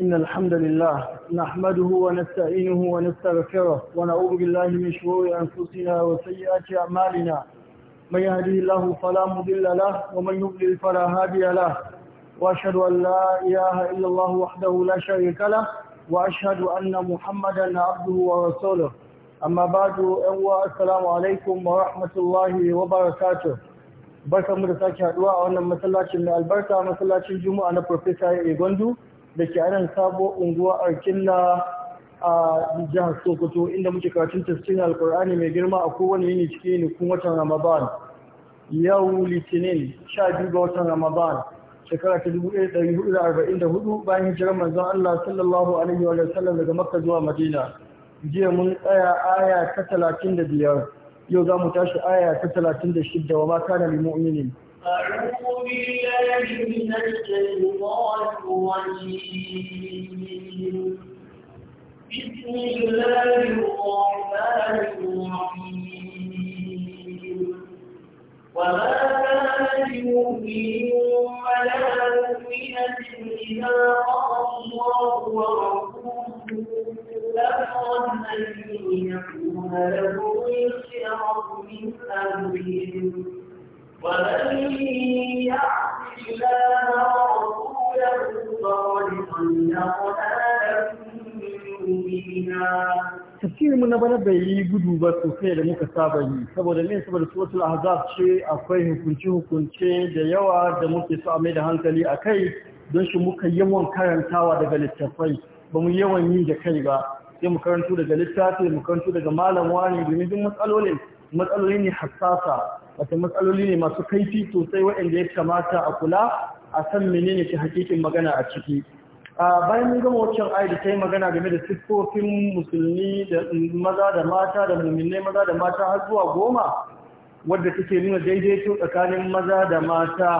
إن الحمد لله نحمده ونستعينه ونستغفره ونعوذ بالله من شرور أنفسنا وسيئات أعمالنا من يهدي الله فلا مضل له ومن يضلل فلا هادي له وأشهد أن لا إله إلا الله وحده لا شريك له وأشهد أن محمدا عبده ورسوله أما بعد أنواع السلام عليكم ورحمة الله وبركاته barkan mu da sake haduwa a wannan masallacin mai albarka masallacin juma'a na professor Egondu da ke anan sabo unguwa arkilla a jihar sokoto inda muke karatun tafsirin alkur'ani mai girma a kowane yini cikin kun watan ramadan yau litinin sha biyu ga watan ramadan shekara ta dubu ɗaya da arba'in da hudu bayan hijirar manzon allah sallallahu alaihi wa sallam daga makka zuwa madina jiya mun tsaya aya ta talatin da biyar yau za mu tashi aya ta talatin da wa ma kana lil mu'minin أعوذ بالله من الشيطان الرجيم بسم الله الرحمن الرحيم وما كان لمؤمن ولا مؤمنة إذا قضى الله ورسوله أمرا أن يكون له الخيار من أمرهم ومن da na bana bai yi gudu ba sosai da muka saba yi saboda ne saboda suratul ahzab ce akwai hukunce hukunce da yawa da muke so a mai da hankali a kai don shi muka yawan karantawa daga littafai ba mu yawan yi da kai ba sai mu karanto daga littafi mu karanto daga malam wani domin duk matsalolin matsaloli ne hassasa wasu matsaloli ne masu kaifi sosai waɗanda ya kamata a kula a san menene ke hakikin magana a ciki bayan mun gama waccan ayi ta yi magana game da siffofin musulmi da maza da mata da mulminai maza da mata har zuwa goma wadda take nuna daidaito tsakanin maza da mata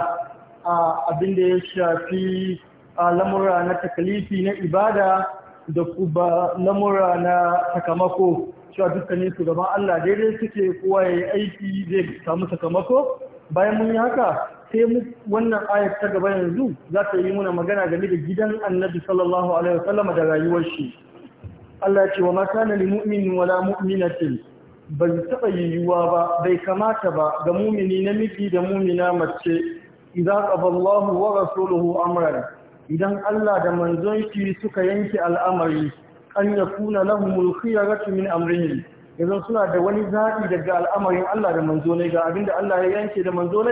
a abin da ya shafi a lamura na takalifi na ibada da kuma lamura na sakamako cewa dukkanin su gaban Allah daidai suke kowa ya yi aiki zai samu sakamako bayan mun yi haka sai mu wannan ayat ta gaba yanzu za ta yi muna magana game da gidan annabi sallallahu alaihi wasallam da rayuwar shi Allah ya ce wa ma kana lil mu'min wala mu'minatin ban taba yiwuwa ba bai kamata ba ga mumini namiji da mumina mace idan qaballahu wa rasuluhu amran idan Allah da manzon shi suka yanke al'amari an mulki ya khiyaratu min amrihi yanzu suna da wani zaɗi daga al'amarin Allah da manzo ne ga abinda Allah ya yanke da manzo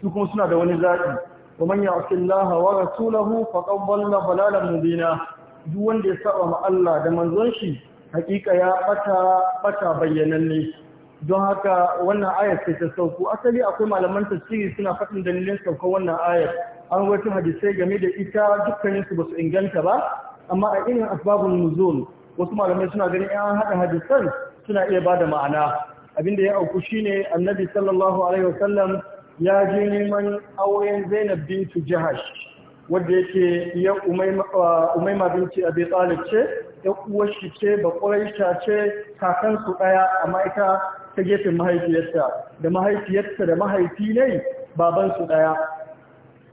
su kuma suna da wani zaɗi. wa man ya'ti Allah wa rasulahu faqad dhalla dhalalan mubina duk wanda ya saba ma Allah da manzon shi haƙiƙa ya bata bata ne. don haka wannan ayar sai ta sauko asali akwai malaman tafsiri suna faɗin dalilin saukar wannan ayar an wata hadisai game da ita dukkaninsu ba su inganta ba amma a irin asbabun nuzul wasu malamai suna ganin an haɗa hadisan suna iya bada ma'ana abinda ya auku shine annabi sallallahu alaihi wasallam ya je neman auren zainab bintu jahash wadda yake ya umaima uh, binci abi talib ce ya uwar shi ce ba ƙuraisha ce kakansu ɗaya amma ita ta gefen mahaifiyarta da mahaifiyarta da mahaifi ne babansu ɗaya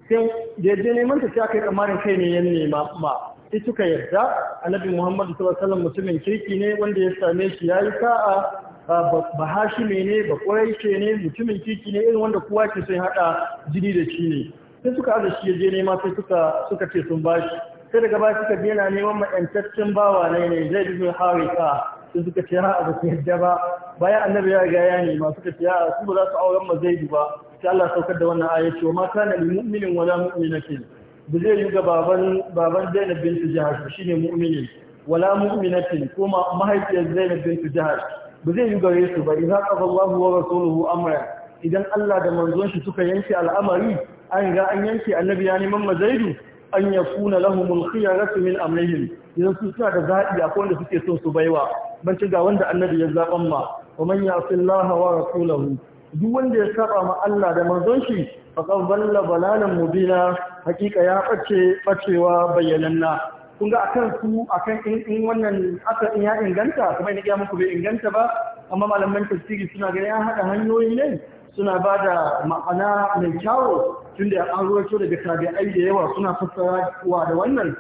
sai da je neman ta ta kai kamarin kai ne yan nema ma sai suka yarda annabi Muhammad sallallahu alaihi wasallam mutumin kirki ne wanda ya same shi yayi sa'a ba hashime ne ba ƙwarai ne mutumin kirki ne irin wanda kowa ke son hada jini da shi ne sai suka aza shi ya je nema sai suka suka ce sun bashi sai daga baya suka je na neman ma'antaccen bawa ne ne zai bi harika sai suka ce ha ba su yadda ba bayan annabi ya riga ya nema suka ce ha su ba za su auren ma zai ba sai Allah saukar da wannan aya ce wa ma kana lil mu'minin wala mu'minatin ba zai yi ga baban zainab bin jahash ba shine mu'mini wala mu'minatin ko mahaifiyar zainab bin jahash ba zai yi gare su ba idan qaba Allahu wa rasuluhu amra idan Allah da manzon shi suka yanke al'amari an ga an yanke annabi ya neman mazaidu an yakuna lahumul khiyaratu min amrihim idan su suna da zaɓi a kowanne suke son su baiwa ban ci ga wanda annabi ya zaɓan ma wa man ya'si wa rasulahu duk wanda ya saba ma Allah da manzon shi faƙar balla balalan mubina hakika ya ɓace ɓacewa bayyananna kun ga akan su akan in wannan aka in ya inganta kuma ina gaya muku bai inganta ba amma malaman tasiri suna ganin an haɗa hanyoyi ne suna ba da ma'ana mai kyawo tunda an ruwato daga tabi'ai da yawa suna fassara wa da wannan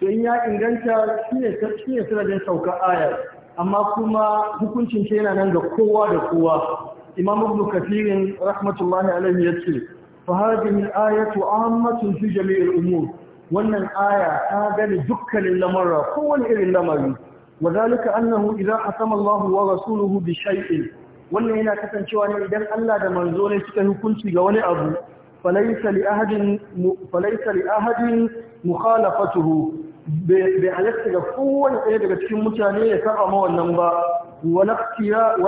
to in ya inganta shi ne sanadin sauka ayar amma kuma hukuncin ce yana nan ga kowa da kowa imam ibn kathirin rahmatullahi alaihi yace فهذه الآية عامة في جميع الأمور wannan aya ta gani dukkanin lamarra kowane irin lamari Wazalika zalika annahu idza hasama Allah wa rasuluhu bi wannan yana kasancewa ne idan Allah da manzo ne suka hukunci ga wani abu falaysa li ahadin falaysa li ahadin mukhalafatuhu bi halatta ga kowane ɗaya daga cikin mutane ya saba ma wannan ba wala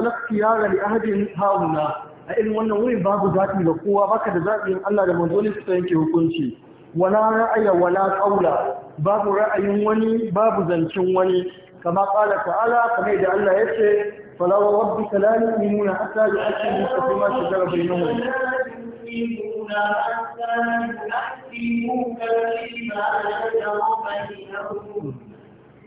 ikhtiyara li ahadin hauna a irin wannan wurin babu zaɓi ga kowa baka da zaɓin Allah da manzolin su yanke hukunci wala ra'aya wala qaula babu ra'ayin wani babu zancin wani kama qala ta'ala kamar da Allah yace fala rabbika la yu'minuna hatta yu'minu bima shajara bainahum يؤمنون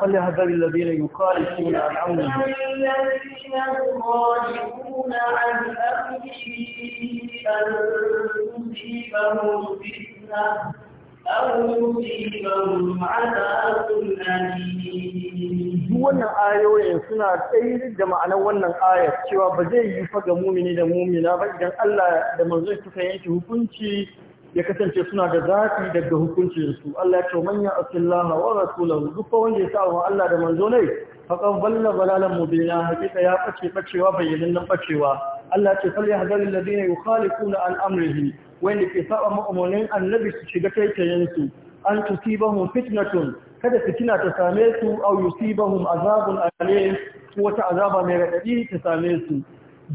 فليحذر الذين الذين يخالفون عن امره wannan ayoyin suna tsaye da ma'anar wannan ayar cewa ba zai yi faga mumini da mumina ba idan Allah da manzon suka yanke hukunci ya kasance suna da zafi daga hukuncinsu Allah ya ce manya asillaha wa rasulahu duk wanda ya sa wa Allah da manzo ne faqad balla balalan mubina hakika ya bace bacewa bayyanan bacewa Allah ya ce fal yahdharil ladina yukhalifuna an amrihi wanda ke saba mu'minin annabi su shiga taitayen su an tusibahum fitnatun kada fitina ta same su aw yusibahum azabun alim wata azaba mai radadi ta same su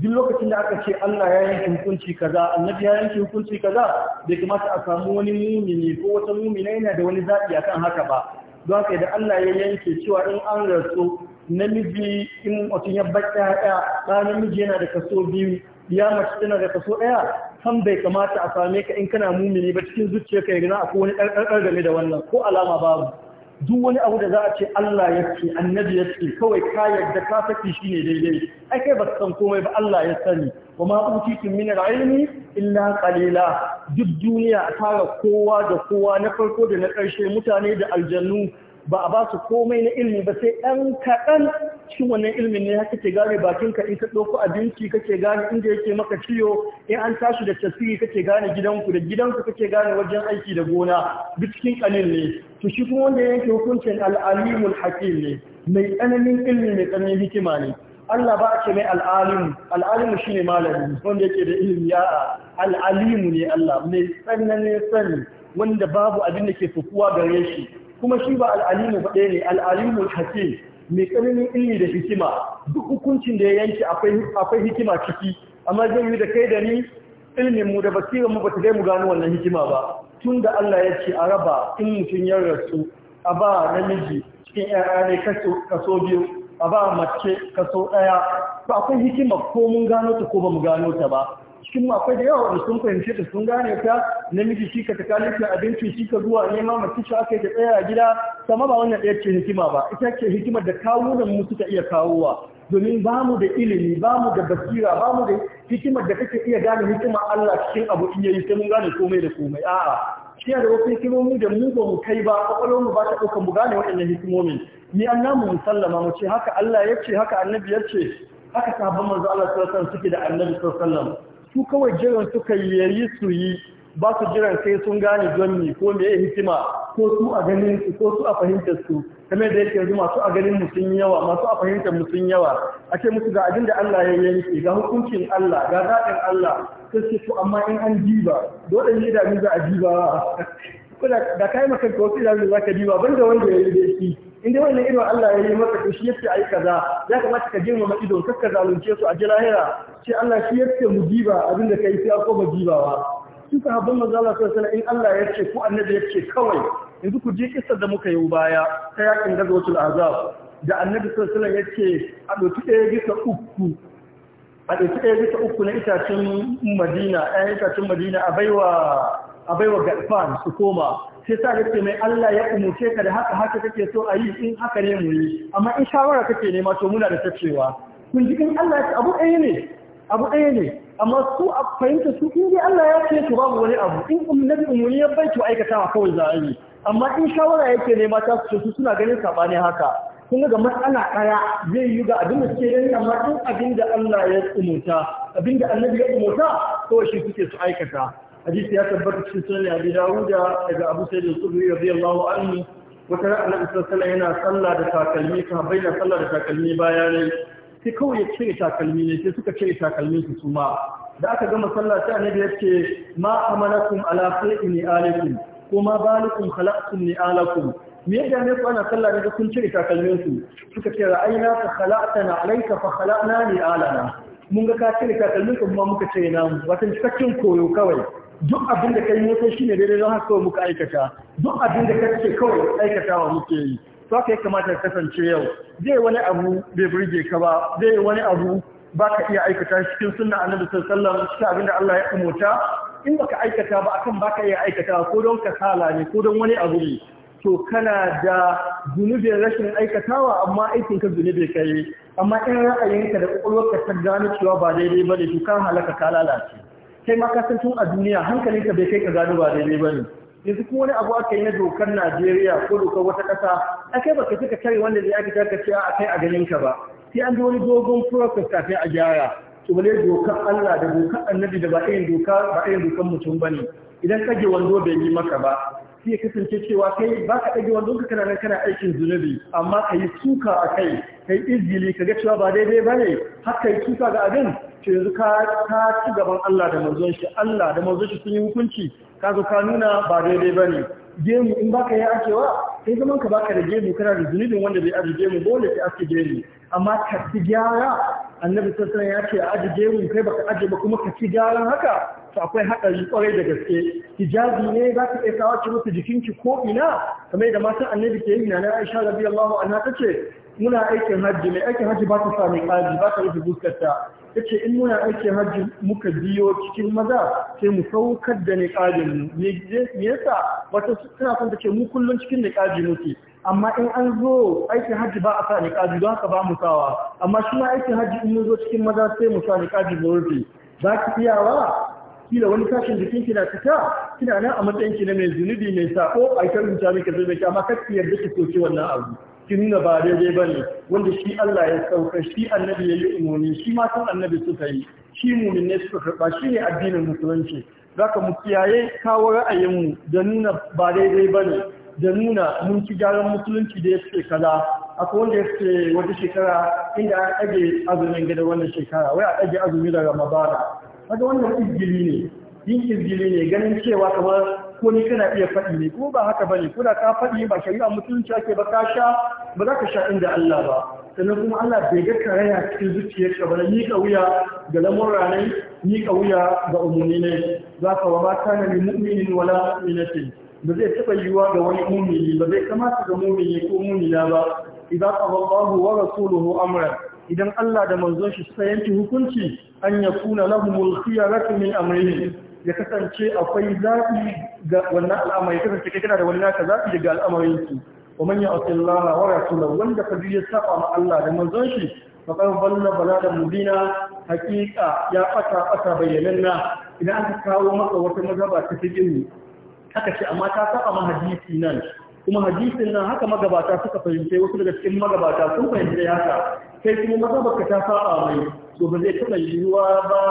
duk lokacin da aka ce Allah ya yanke hukunci kaza annabi ya yanke hukunci kaza bai kamata a samu wani mumini ko wata mumina yana da wani zaɓi akan haka ba don haka idan Allah ya yanke cewa in an rasu namiji in mutum ya baki haɗa ɗa namiji yana da kaso biyu ya mace tana da kaso ɗaya kan bai kamata a same ka in kana mumini ba cikin zuciyarka ya gina akwai wani ɗarɗarɗar game da wannan ko alama babu duk wani abu da za a ce Allah ya ce annabi ya ce kawai ka yadda ka saki shi ne daidai ai kai ba san komai ba Allah ya sani wa ma utitum min al-ilmi illa qalila duk duniya tara kowa da kowa na farko da na ƙarshe mutane da aljannu ba a ba su komai na ilmi ba sai ɗan kaɗan cikin wannan ilimin ne kake gane bakinka in ka ɗauko abinci kake gane inda yake maka ciwo in an tashi da tasiri kake gane gidanku da gidanku kake gane wajen aiki da gona duk cikin ƙanin ne to shi kuma wanda yanke hukuncin al'alimul hakim ne mai tsananin ilimi mai tsananin hikima ne Allah ba a ce mai al'alimu, shi ne malami wanda yake da ilimi ya'a, ne Allah mai tsananin sani wanda babu abin da ke fukuwa gare shi, kuma shi ba al'alimu ɗaya ne al'alimu hakim mai tsananin ilmi da hikima duk hukuncin da ya yanki akwai hikima ciki amma zai yi da kai da ni ilmin mu da basirin mu bata dai mu gano wannan hikima ba tun da Allah ya ce a raba in mutum ya rasu a ba namiji cikin ƴaƴa ne kaso biyu a ba mace kaso ɗaya to akwai hikima ko mun gano ta ko ba mu gano ta ba cikin mu akwai da yawa wanda sun fahimci da sun gane ta namiji shi ka takalin abinci shi ka zuwa neman mace shi aka ta tsaya a gida sama ba wannan ɗaya ce hikima ba ita ce hikimar da kawunan mu suka iya kawowa domin ba mu da ilimi ba mu da basira ba mu da hikimar da kake iya gane hikimar Allah cikin abu in yayi sai mun gane komai da komai a'a shi da wasu hikimomi da mu ba mu kai ba kwakwalwar mu ba ta ɗaukar mu gane waɗannan hikimomin ni an namu musallama mu ce haka Allah ya ce haka annabi ya ce haka sahabban manzo Allah sallallahu alaihi wasallam suke da annabi sallallahu alaihi wasallam su kawai jiran suka yayi su yi ba su jiran sai sun gane don ni ko me hikima ko su a ganin su ko su a fahimtar su kamar da yake yanzu masu a ganin mu sun yawa masu a fahimtar mu sun yawa ake musu ga abin da Allah ya yanke ga hukuncin Allah ga zaɓin Allah sai su to amma in an diba dole ne da za a diba kuna da kai maka ko sai da za ka diba banda wanda ya yi da shi Inda wannan ido Allah ya yi maka to shi yace ai kaza ya kamata ka girmama idon kaka zalunce su a ji lahira sai Allah shi yace mu jiba ka kai sai ko ba gibawa. su sahabban manzo Allah sallallahu alaihi wasallam in Allah ya ce ko annabi ya ce kawai yanzu ku je kissa da muka yi baya ta yakin gazwatul azab da annabi sallallahu alaihi wasallam ya ce a doki bisa uku a ɗauki ɗaya bisa uku na itacen madina ɗayan madina a baiwa a baiwa gafan su koma sai sa ce mai Allah ya umuce ka da haka haka kake so a yi in haka ne mu yi amma in shawara kake nema to muna da tacewa kun ji in Allah ya abu ɗaya ne abu ɗaya ne amma su a fahimta su in dai Allah ya ce to babu wani abu in umnabi umuni ya bai to aikatawa kawai za a yi amma in shawara yake nema ta su su suna ganin sabani haka kun ga matsala ɗaya zai yi ga abin da suke gani amma in abin da Allah ya umuta abin da annabi ya umuta to shi suke su aikata hadisi ya tabbata cikin sunan Abi Dawud daga Abu Sa'id al-Khudri radiyallahu anhu wata rana Annabi sallallahu alaihi yana sallah da takalmi ka bayyana sallah da takalmi baya ne sai kawai ya cire takalmi ne sai suka cire takalminsu su suma da aka gama sallah sai Annabi ya ce ma amanakum ala khayri alikum kuma balikum khalaqtum ni alakum me yadda ne ku ana sallah ne kun cire takalmin su suka ce ra'ayna ka khalaqtana alayka fa khalaqna ni alana mun ga ka cire takalmin kuma muka cire namu wata cikakken koyo kawai duk abin da kai shi ne daidai don haka kawai muka aikata duk abin da ce kawai aikatawa muke yi to haka ya kamata ka kasance yau zai wani abu bai burge ka ba zai wani abu ba ka iya aikata cikin sunna annabi sallallahu alaihi wasallam abin da Allah ya umurta in baka aikata ba akan baka iya aikata ko don kasala ne ko don wani abu ne to kana da zunubin rashin aikatawa amma aikin ka zunubi kai amma in ra'ayinka da kwakwalwarka ta gano cewa ba daidai ba ne to kan halaka ka lalace kai ma ka san tun a duniya ka bai kai ka gano ba daidai ba ne yanzu kuma wani abu aka yi na dokar Najeriya ko dokar wata ƙasa akai baka kika kare wanda zai aka taka cewa akai a ganin ka ba sai an ji wani dogon process kafin a gyara to bale dokar Allah da dokar Annabi da ba irin doka ba irin dokar mutum bane idan kage wando bai yi maka ba sai kasance cewa kai ba ka ɗage wanda kana nan kana aikin zunubi amma ka yi suka a kai ka yi izgili ka ga cewa ba daidai ba ne har ka yi suka ga abin ce yanzu ka ci gaban Allah da manzon shi Allah da manzon shi sun yi hukunci ka zo ka nuna ba daidai ba ne gemu in baka yi akewa sai zaman ka baka da gemu kana da zunubin wanda bai aji gemu dole sai aske gemu amma ka ci gyara annabi sassan ya ce a aji gemu kai ba ka ajiye ba kuma ka ci gyaran haka to akwai haɗari kwarai da gaske hijabi ne za ka iya kawo ki jikin jikinki ko ina kamar yadda matan annabi ke yi na na aisha radiyallahu anha tace muna aikin hajji mai aikin hajji ba ta sami kaji, ba ta rufe fuskarta tace ce in muna aikin hajji muka biyo cikin maza sai mu saukar da niƙajin mu me yasa wata suna son ta ce mu kullum cikin niƙaji muke amma in an zo aikin hajji ba a sa niƙaji don haka ba mu sawa amma shi ma aikin hajji in mun zo cikin maza sai mu sa niƙaji mu rufe za ki iyawa kila wani sashen jikin ki na fita kina nan a matsayin ki na mai zunubi mai sako a kan rubuta zai miki amma kake yarda ki soki wannan abu ki nuna ba daidai bane wanda shi Allah ya sauka shi annabi ya yi umarni, shi ma annabi suka yi shi mumin ne suka karba shi ne addinin musulunci zaka mu kiyaye kawo ra'ayinmu da nuna ba daidai bane da nuna mun ci gyaran musulunci da ya ce kaza akwai wanda ya ce wata shekara inda an ɗage azumin gida wannan shekara wai a ɗage azumi da ramadana kaga wannan izgili ne yin izgili ne ganin cewa kamar ko ni kana iya faɗi ne kuma ba haka bane ko da ka faɗi ba shari'a mutunci ake ba ka sha ba za ka sha inda Allah ba sannan kuma Allah bai ga karaya cikin zuciyar ka ba ni ka wuya ga lamurra ne ni ka wuya ga umumi ne za ka wa ma kana lil mu'minin wala mu'minatin ba zai taɓa yiwuwa ga wani mumini ba zai kamata ga mumini ko mumina ba idan Allah wa rasuluhu amran idan Allah da manzon shi sai yanki hukunci an ya kuna lahumul khiyaratu min amrihi ya kasance akwai zaɓi ga wannan al'amari ya kasance kai kana da wani naka zaɓi daga al'amarin ki wa man ya'ti Allah wa rasulahu wanda ka ya saba ma Allah da manzon shi fa kan balla balada mubina haqiqa ya fata fata bayyananna idan aka kawo maka wata mazhaba ta cikin haka ce amma ta saba ma hadisi nan kuma hadisin nan haka magabata suka fahimce wasu daga cikin magabata sun fahimce haka kai kuma mazhabarka ta saba mai to ba zai taba yiwuwa ba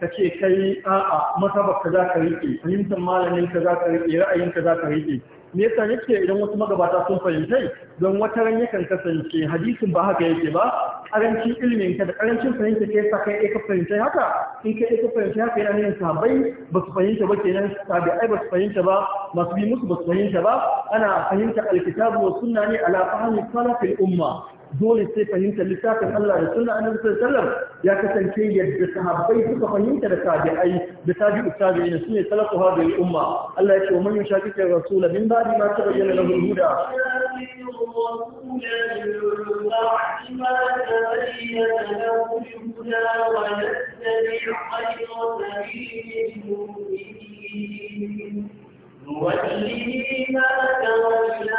ka ce kai a'a mazhabarka za ka riƙe fahimtar malamin ka za ka riƙe ra'ayin ka za ka riƙe me yasa yake idan wasu magabata sun fahimce don wata ran yakan kasance hadisin ba haka yake ba karancin ilimin ka da karancin fahimta ke sa kai ka fahimta haka in kai ka fahimta haka yana yin sabai ba su fahimta ba kenan ai ba su fahimta ba masu bi musu ba su fahimta ba ana fahimta alkitabu wa sunna ne ala fahmi salafil umma dole sai fahimta littafin Allah da sunna annabi sallallahu alaihi wasallam ya kasance yadda sahabbai suka fahimta da tabi'ai da tabi'u tabi'in su ne salafu hadhihi umma Allah ya ce man yushaqiqi rasul min ba'di ma tabayyana lahu al-huda وَيَتَّبِعْ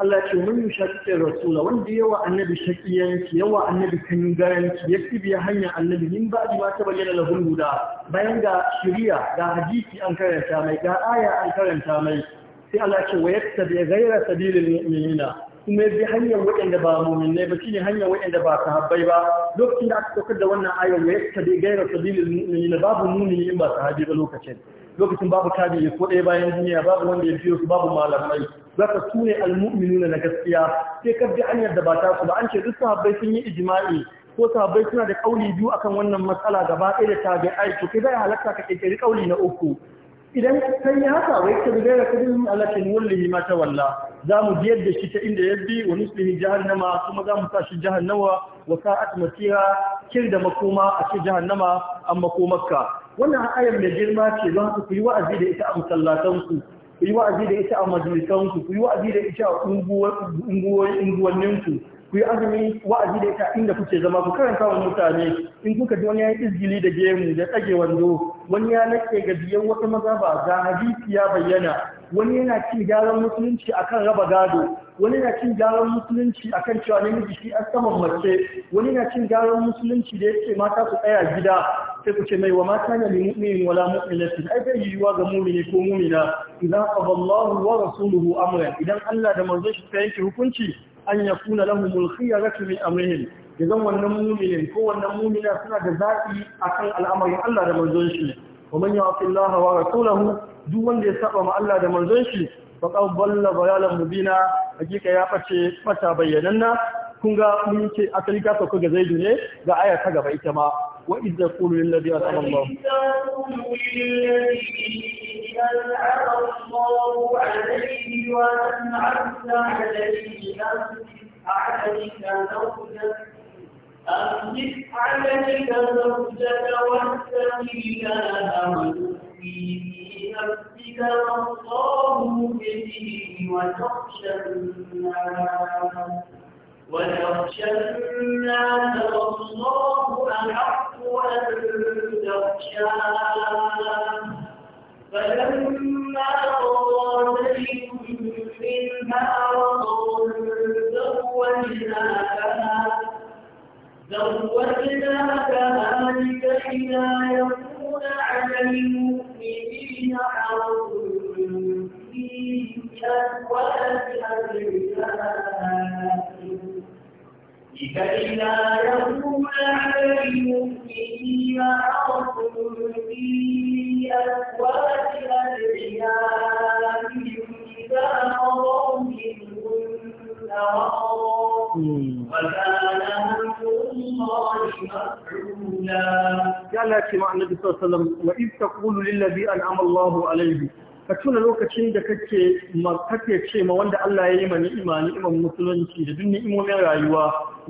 Allah ce mun shaƙiƙin rasula wanda yawa annabi shaƙiyanci yawa annabi kangaranci ya fi biya hanyar annabi yin ba ma ta bayyana lahul huda bayan ga shirya ga hadisi an karanta mai ga aya an karanta mai sai Allah ce wa ya gaira sabilil mu'minina kuma bi hanyar waɗanda ba ne ba shine hanyar waɗanda ba sahabbai ba lokacin da aka saukar da wannan ayar wa yattabi ghayra sabilil mu'minin babu mu'mini in ba sahabi ba lokacin lokacin babu tabi'i ko ɗaya bayan duniya babu wanda ya biyo su babu malamai zaka su ne almuminu na gaskiya sai ka bi hanyar da ba ta su ba an ce duk sahabbai sun yi ijima'i ko sahabbai suna da kauli biyu akan wannan matsala gaba ɗaya da tabi'ai to kai zai halatta ka kirkiri kauli na uku idan kai ya haka wai ka bi da kudin alakin wallahi ma ta walla za mu biyar da shi ta inda ya bi wa nuslihi jahannama kuma za mu sa shi jahannama wa sa'at masira kir da makoma a cikin jahannama an makomarka wannan ayar mai girma ce don haka ku yi wa'azi da ita a masallatanku ku yi wa'azi da ita a majalisanku ku yi wa'azi da ita a unguwanninku ku yi azumi wa'azi da ita inda kuke zama ku karanta wa mutane in kuka ji wani ya yi izgili da gemu da tsage wando wani ya nake ga biyan wata maza ba ga hadisi ya bayyana wani yana cin gyaran musulunci akan raba gado wani yana cin gyaran musulunci akan cewa miji shi an saman mace wani yana cin gyaran musulunci da yake mata su tsaya gida sai ku ce mai wa mata ne mu'minin wala mu'minatin ai bai yiwuwa ga mu'mini ko mu'mina idan qaballahu wa rasuluhu amran idan Allah da manzon shi ta yanke hukunci an yakuna lahumul khiyaratu min amrihim idan wannan mu'minin ko wannan mu'mina suna da zaɓi kan al'amarin Allah da manzon shi wa man ya'ti Allah wa rasulahu duk wanda ya saba ma Allah da manzon shi faqad balla bayalan mubina hakika ya bace bata bayyananna kun ga mun ce asali ka ga zaidu ne ga aya ta gaba ita ma wa idza qulu lil ladhi asama من أعطى الله عليه ومن عليه عليك زوجك أمسك عليك والله مبديه وتخشى الناس الناس والله أحق أن تخشاه فلما قضى زيد منها وطرا زوجناكها زوجناكها لكي لا على المؤمنين حرج في أزواج أبنائها في إذا وكان أمر الله مفعولا. قال لك مع النبي صلى الله عليه وسلم وإذ تقول للذي أنعم الله عليه ka tuna lokacin da kake kake ce ma wanda Allah ya yi ma ni'ima ni'imar musulunci da duk ni'imomin rayuwa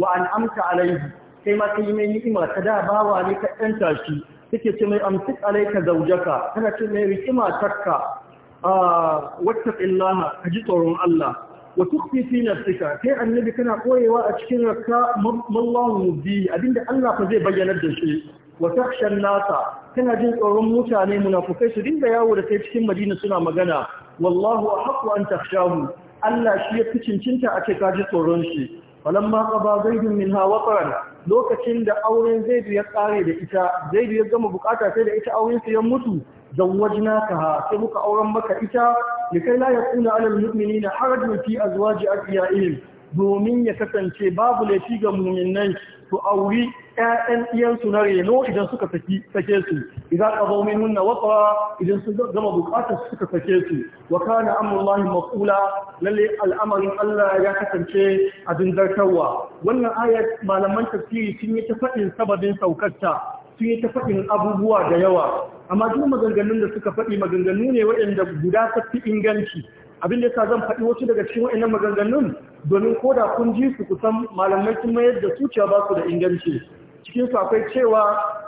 wa an amsa alaihi kai ma kai mai ni'ima ka da bawa ne ka tasi. shi take ce mai amsik alaika zaujaka Kana ce mai rikima takka a ah, wata illaha ka ji tsoron Allah wa tukfi fi nafsika kai annabi kana koyewa a cikin rakka mallahu mubdi abinda Allah fa zai bayyana da shi wa takshan nasa kana jin tsoron mutane munafukai su dinga yawo da kai cikin madina suna magana wallahu ahqqu an takhshahu Allah shi ya cincinta a ce ka ji tsoron shi falamma qaba zaidun minha wataran lokacin da auren zai ya kare da ita zai ya gama bukata sai da ita auren sa ya mutu zawwajnaka sai muka auren maka ita likai la yakuna alal mu'minina harajun fi azwaji adiyaihim domin ya kasance babu laifi ga muminai su auri ƴaƴan iyansu na reno idan suka saki sake su idan qadaw nuna waqa idan sun gama bukatar suka sake su wa kana amrullahi maqula lalle al'amarin Allah ya kasance a zartarwa wannan ayat malaman tafsiri sun yi ta faɗin sababin saukarta sun yi ta faɗin abubuwa da yawa amma duk maganganun da suka faɗi maganganu ne waɗanda guda tafi inganci abinda da yasa zan faɗi wasu daga cikin wa'annan maganganun domin ko da kun ji su kusan malamai sun mayar da su cewa ba su da inganci cikin su akwai cewa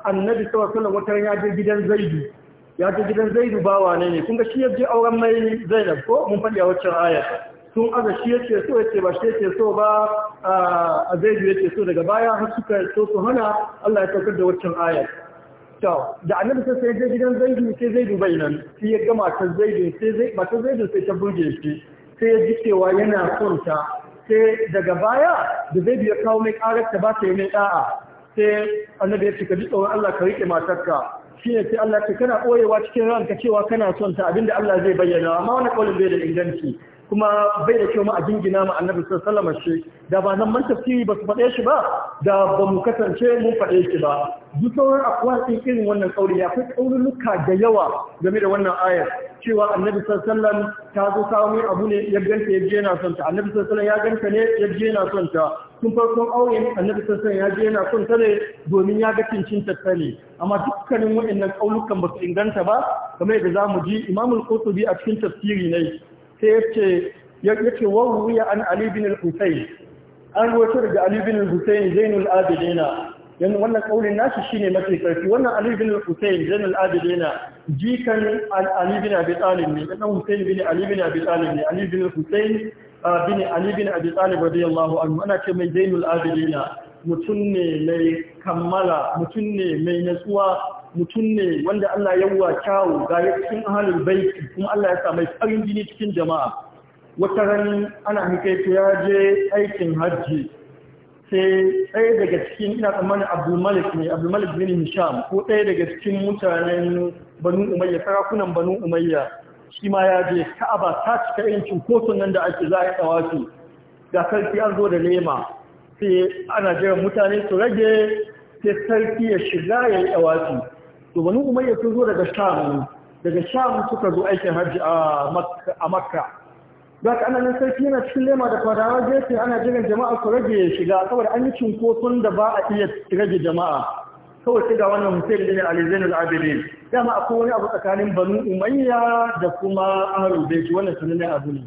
annabi sallallahu alaihi wata ya je gidan zaidu ya je gidan zaidu bawa ne ne kun ga shi ya je auren mai zainab ko mun faɗi a waccan aya sun aza shi ce so ya ce ba shi ce so ba a zaidu ya ce so daga baya har suka so su hana Allah ya saukar da waccan aya to da annabi sai sai gidan zaidu sai zaidu bai nan sai ya ga ta zaidu sai zai zaidu sai ta burge shi sai ya ji cewa yana son ta sai daga baya da zaidu ya kawo mai karar ta ba ta yi mai da'a sai annabi ya ce ka ji tsoron Allah ka rike matarka shi ne sai Allah ce kana koyewa cikin ranka cewa kana son ta abinda Allah zai bayyana amma wani kaulin bai da inganci kuma bai da kyau ma a jingina ma annabi sun sallama shi da ba nan man tafsiri ba su faɗe shi ba da ba mu kasance mun faɗe shi ba duk sauran akwai din irin wannan kauri ya akwai kaululuka da yawa game da wannan ayar cewa annabi sun sallan ta zo samu abu ne ya ganta ya je yana son ta annabi sun sallan ya ganta ne ya je yana son ta tun farkon aure annabi sassan ya je yana son ne domin ya ga cincin tattali amma dukkanin waɗannan ƙaunukan ba su inganta ba game da za mu ji imamul kotobi a cikin tafsiri ne sai yace yake wawuya an ali bin al-husayn an rawaito daga ali bin al-husayn zainul abidina yan wannan kaulin nashi shine mafi karfi wannan ali bin al-husayn zainul abidina jikan ali bin abi talib ne dan husayn bin ali bin abi talib ne ali bin al-husayn bin ali bin abi talib radiyallahu anhu ana ce mai zainul abidina mutum ne mai kammala mutum ne mai natsuwa mutum ne wanda Allah ya wa kyawu ga ya cikin ahalul baiti kuma Allah ya sa mai farin jini cikin jama'a wata rani ana hikaito ya je aikin hajji sai ɗaya daga cikin ina tsammanin abdulmalik ne abdulmalik bin hisham ko ɗaya daga cikin mutanen banu umayya sarakunan banu umayya shi ma ya je ka'aba ta cika yin cinkoson nan da ake za a yi tsawafi ga sarki an zo da lema sai ana jiran mutane su rage sai sarki ya shiga ya yi tsawafi to bani umayya sun zo daga sham daga sham suka zo aikin hajji a makka za ka ananin sarki yana cikin lema da fadawa gefe ana jiran jama'a su rage shiga saboda an yi cinkoson da ba a iya rage jama'a kawai sai ga wannan hussein bin ali al abidin dama akwai wani abu tsakanin banu umayya da kuma ahlul bait wannan sanannen abu ne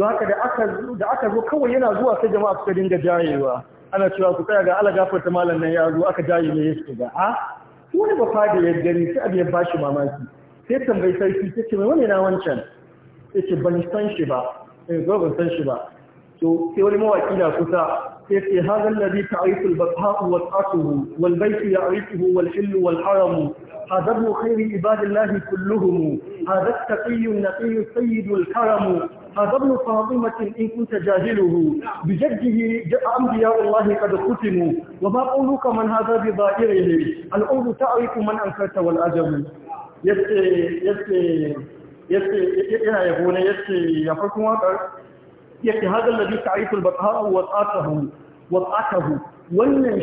don haka da aka da aka zo kawai yana zuwa sai jama'a suka dinga jayewa ana cewa ku tsaya ga ala gafarta malam nan ya zo aka jaye ne ya shiga a wani bafa da ya gani sai abu ya ba shi mamaki sai tambayi sarki ta ce mai wani na wancan sai ce ban san shi ba sai zo ban san shi ba to sai wani mawaki na kusa sai ce hazan ladhi ta'rifu al-batha'u wa ta'atuhu wal baytu ya'rifuhu wal illu wal haram هذا ابن ibadillahi عباد الله كلهم هذا التقي النقي السيد الكرم هذا ابن فاطمة إن كنت جاهله بجده أنبياء الله قد ختموا وما قولك من هذا بظاهره الأرض تعرف من أنكرت والأجل yace yace yace yana yabo ne yace ya farkon waka yace hadal ladhi ta'rifu al-batha'a wa ta'atuhu wannan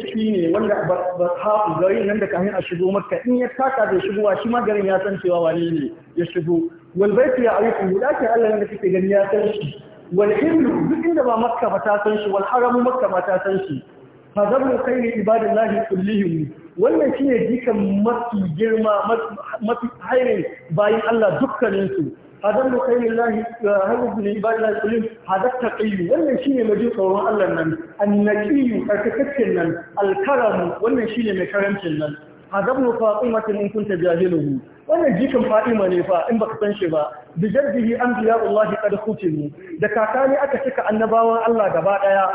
garin nan da kahin a shigo maka in ya taka da shigowa shi ma garin ya san cewa wani ne ya shigo wal baitu ya arifu dakin Allah ne da kike gani ya san shi wal hillu duk inda ba makka ba ta san shi wal haramu makka ba ta san shi fa zabu khairu ibadillahi kullihim wannan shine dukan mafi girma mafi hairin bayin Allah dukkanin su hadar da kai lillahi hadu ne ibadallahi kullum hadar taqiyu wannan shine maji tsoron Allah nan annaqiyu karkakaccen nan alkaramu wannan shine mai karancin nan azabnu fatimata in kunta jahiluhu wannan jikin fatima ne fa in baka san shi ba bi jaddihi anbiya'ullah qad khutimu da kakani aka cika annabawan Allah gaba daya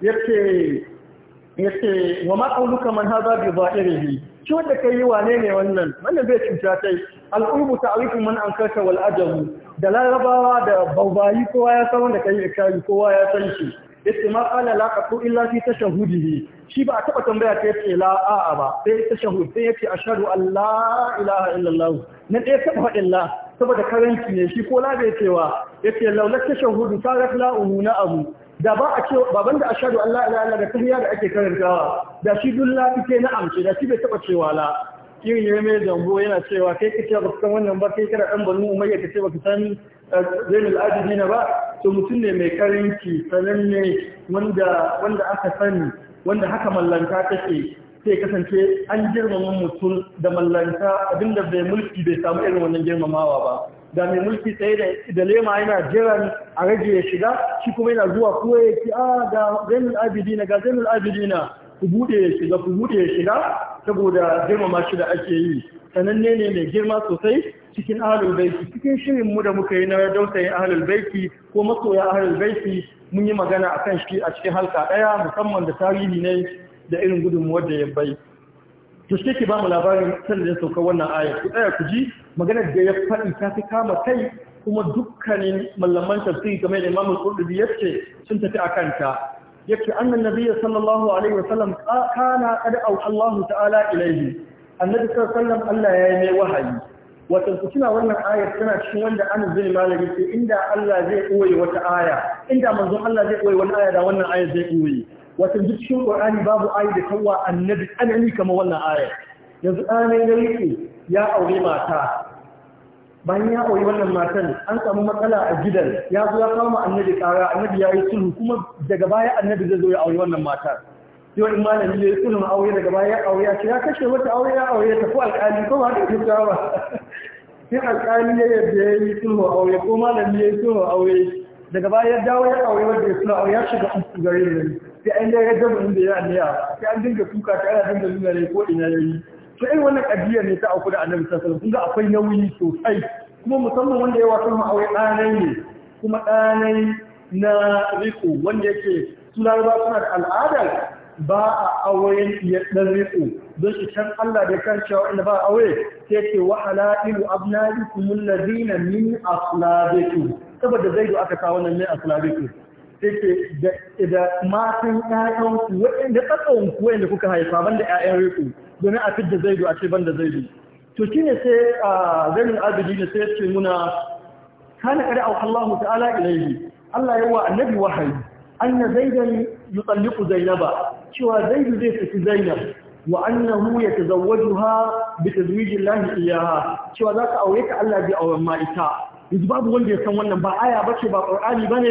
yace yace wa ma qauluka man hadha bi zahirihi shi wanda kai wane ne wannan wannan bai cuta tai al'ubu ta'rifu man ankarta wal ajabu da larabawa da baubayi kowa ya san wanda kai ikari kowa ya san shi yace ala qala la aqu illa fi tashahudihi shi ba a taba tambaya ta yace la ba sai tashahud sai yace ashhadu an la ilaha illallah nan dai sai faɗin la saboda karanci ne shi ko la bai cewa yace laula tashahudu sarat la umuna abu da ba a ce baban da ashhadu an la ilaha da tahiyya da ake karantawa da shi dulla take na amce da shi bai taba cewa la irin yare mai zambo yana cewa kai kace ba san wannan ba kai kira dan banu umayya kace ba ka sani zainul na ba to mutum ne mai karinci sananne wanda aka sani wanda haka mallanta take sai kasance an girmama mutum da mallanta abinda bai mulki bai samu irin wannan girmamawa ba da mai mulki tsaye da lema yana jiran a rage ya shiga shi kuma yana zuwa kuwa ya ce a ah, ga zainul abidina ga zainul abidina ku bude ya shiga ku bude ya shiga saboda girmama shi da ake yi sananne ne mai girma sosai cikin ahalul baiti cikin shirin mu da muka yi na dausayin ahalul baiti ko masoya ahalul baiti mun yi magana akan shi a cikin halka daya musamman da tarihi ne da irin gudunmuwar da ya bai to shi ke ba mu labarin sanda ya sauka wannan aya ku tsaya ku ji maganar da ya faɗi ta fi kama kai kuma dukkanin mallaman tafsiri game da Imam Qurtubi yace sun tafi akan ta yace annan nabiyyi sallallahu alaihi wasallam kana qad au Allah ta'ala ilaihi annabi sallallahu alaihi wasallam Allah ya yi mai wahayi wata ku tuna wannan ayar tana cikin wanda an zai malami ce inda Allah zai koyi wata aya inda manzon Allah zai koyi wani aya da wannan ayar zai koyi watan duk cikin Qur'ani babu ayar da kawwa annabi anani kamar wannan ayar yanzu ɗanai na yake ya aure mata bayan ya aure wannan matan an samu matsala a gidan ya zo ya annabi kara annabi ya yi sulhu kuma daga baya annabi zai zo ya aure wannan matar yau in malami ne sulhun aure daga baya aure ya ce kashe mata aure ya aure ta ko alƙali ko ba ta fita ba sai alƙali ya yarda ya yi sulhun aure ko malami ya yi sulhun aure daga baya ya dawo ya aure wanda ya sulhun aure ya shiga uku gare ne sai an ya gaba inda ya aniya sai an dinga tuka ta ana dinga nuna ne ko ina ya yi to irin wannan ajiyar ne ta auku da annabi sallallahu alaihi wasallam kun ga akwai nauyi sosai kuma musamman wanda ya wasu aure ɗanai ne kuma ɗanai na riko wanda yake su larabawa suna da al'adar ba a auren ya dan riko don idan Allah da kan cewa inda ba aure sai ce wa halailu abnaikum alladhina min aslabikum saboda zaidu aka kawo nan ne aslabikum sai ce da matan ƴaƴan ku waɗanda tsatsawan ku waɗanda kuka haifa banda ƴaƴan riko domin a fidda zaidu a ce banda zaidu to shine sai zainul abidin sai ce muna kana kada Allah ta'ala ilaihi Allah yawa annabi wahayi anna zaidan yutalliqu zainaba cewa zaidu zai saki zainab wa annahu yatazawwajuha bi tazwijillahi iyaha cewa ka aure ta Allah bi auren ma ita yanzu babu wanda ya san wannan ba aya bace ba qur'ani ne?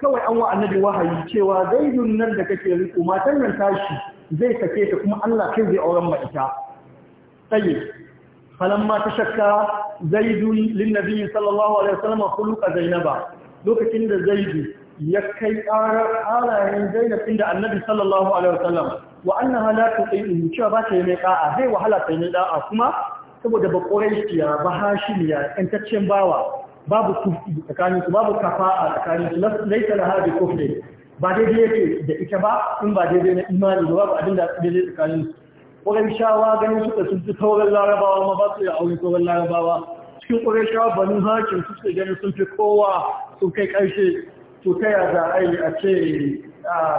kawai an wa annabi wahayi cewa zaidun nan da kake riko matan nan tashi zai sake ta kuma Allah kai zai auren ma ita tayyib falamma tashakka zaidun lin nabi sallallahu alaihi wasallam khuluqa zainaba lokacin da zaidu ya kai ƙarar halayen zainab da annabi sallallahu alaihi wasallam wa annaha la tuqimu cewa ba ta yi mai ƙa'a zai wahala ta yi mai da'a kuma saboda ba quraishiya ba hashimiya tantaccen bawa babu kufi tsakanin su babu a tsakanin su laita laha bi kufri ba daidai yake da ita ba in ba daidai na imani ba babu abin da daidai tsakanin su quraishawa ganin suka sun fi sauran larabawa ma ba su da aure sauran larabawa cikin quraishawa banu hakim suke ganin sun fi kowa sun kai ƙarshe to ta ya za a yi a ce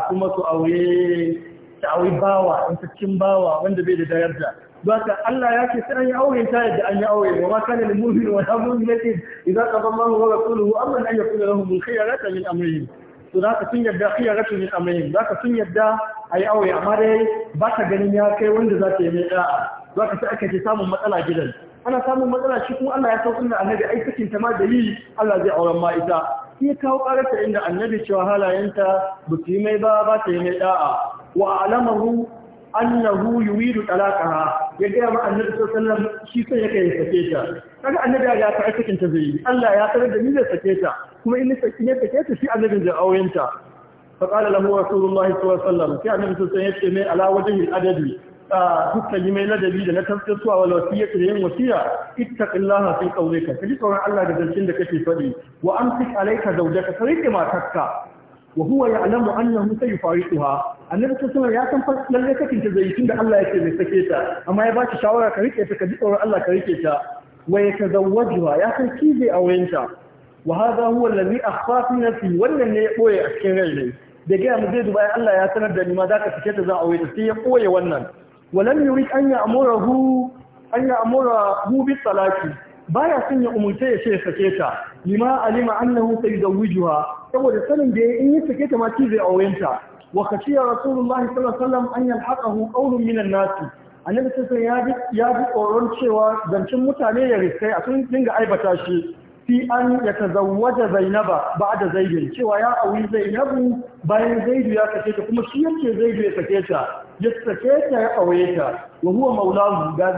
kuma su aure ta aure bawa in cikin bawa wanda bai da da don haka Allah ya ce sai an yi aure ta yadda an yi aure wa ne. kana lil mu'mini wa la mu'minatin idza qada Allahu wa rasuluhu amran an yakuna lahum khiyaratu min amrihim to za ka sun yadda khiyaratu min amrihim za ka sun yadda a yi aure amma dai ba ka ganin ya kai wanda za ta yi mai da'a za ka sai aka ce samun matsala gidan ana samun matsala shi kuma Allah ya sauƙin da annabi ai sakin ta ma da yi Allah zai auren ma ita ya kawo ƙararta inda annabi cewa halayenta ba su yi mai ba ba ta yi mai da'a wa alamahu annahu yuridu talaqaha ya ga ma annabi sallallahu alaihi wasallam shi sai yake ya sake ta kaga annabi ya ta cikin ta zai Allah ya tarar da ni da sake ta kuma in sake ne sake ta shi annabi zai auren ta fa qala lahu rasulullahi sallallahu alaihi wasallam sai annabi sallallahu alaihi wasallam ya ce mai ala wajhi adadi suka yi mai ladabi da na tafsirtuwa wal wasiyya da yin wasiya ittaqillaha fi ka kaji tsoron Allah da zancin da kake faɗi wa amsik alayka zawjaka ka rike matarka wa huwa ya'lamu annahu sayfariquha annabi sallallahu ya san lalle kakin ta zai tunda Allah yake mai sake ta amma ya baki shawara ka rike ta kaji tsoron Allah ka rike ta wa yatazawwajuha ya san ki zai aurenta wa hadha huwa alladhi akhfa fi nafsi wannan ne ya boye a cikin rai ne da gaya mu zai duba Allah ya sanar da ni ma ka fice ta za a aure sai ya boye wannan walam yurid an ya'murahu an ya'murahu bis baya son ya umurce ya ce sake ta lima alima annahu sayuzawwijuha saboda sanin da in yi sake ta ma ci zai aurenta wa khashiya rasulullahi sallallahu alaihi wasallam an yalhaqahu qawlun minan nas annabi sai ya bi ya tsoron cewa zancin mutane ya riskai a sun dinga aibata shi fi an ya tazawwaja zainaba ba da zaidin cewa ya auri zainabu bayan zaidu ya sake ta kuma shi yake zaidu ya sake ta ya sake ta ya aure ta wa huwa maulahu ga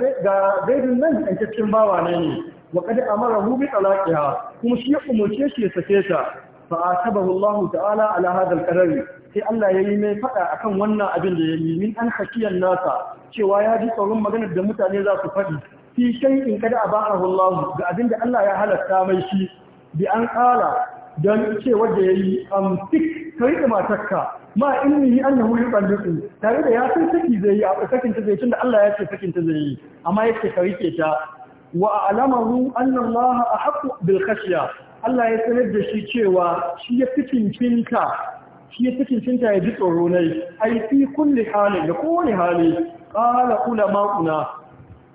zaidun nan an cikin bawa ne ne wa mara amarahu bi talaqiha kuma shi ya umurce shi ya sake ta fa atabahu Allah ta'ala ala hadha al sai Allah ya yi mai fada akan wannan abin da yayi min an hakiyan nasa cewa ya ji tsoron maganar da mutane za su faɗi fi shay'in kada abahu Allah ga abinda Allah ya halatta mai shi bi an qala dan cewa da yayi tik kai da matakka ma inni annahu yuqaddisu tare da ya san saki zai yi a sakin ta zai tunda Allah ya ce sakin ta zai yi amma yake ka rike ta wa a'lamahu anna Allah ahqqu bil khashya Allah ya sanar da shi cewa shi ya fitin cinta shi ya fitin cinta ya ji tsoro ne ai fi kulli halin da kowane hali qala ulama kuna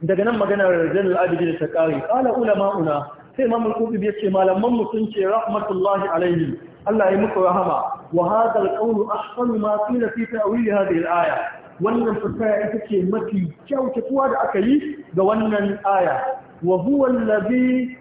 daga nan maganar rijal da ta kare kala ulama'una sai imamul qutubi yace malaman mu sun ce rahmatullahi alaihi Allah ya muku rahama wa hadha alqawlu ahsan ma qila fi ta'wil hadhihi alaya wannan fasara ita ce mafi kyau ta kyautatuwa da aka yi ga wannan aya wa huwa alladhi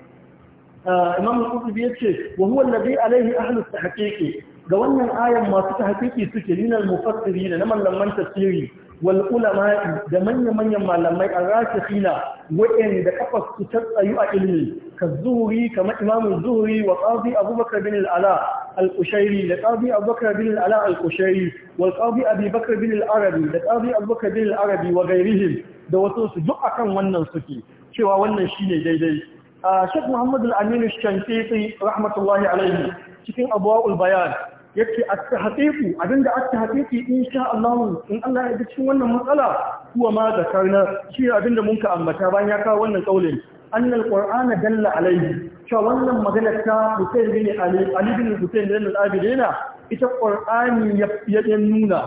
imam al-qutubi yace wa huwa alladhi alayhi ahlu at-tahqiq ga wannan ayan masu ta tahqiqi suke linal mufassirin na mallaman tafsiri wal ulama'i da manya-manyan malamai a rasihina waɗanda kafas su ta tsayu a ilimi ka zuhuri kamar imamu zuhuri wa qadi abubakar bin al-ala al-qushairi da qadi abubakar bin al-ala al-qushairi wal qadi abubakar bin al-arabi da qadi abubakar bin al-arabi wa gairihim da wasu su duk kan wannan suke cewa wannan shi ne daidai a Sheikh Muhammadu Al-Amin Shankiti rahmatullahi alaihi cikin abuwa Bayan yake at abinda at insha Allah in Allah ya ji cikin wannan matsala kuwa ma zakarna shi abinda mun ka ambata bayan ya kawo wannan kaulin annal qur'ana dalla alaihi cewa wannan maganar ta Hussein bin Ali Ali bin Hussein bin al ita qur'ani ya nuna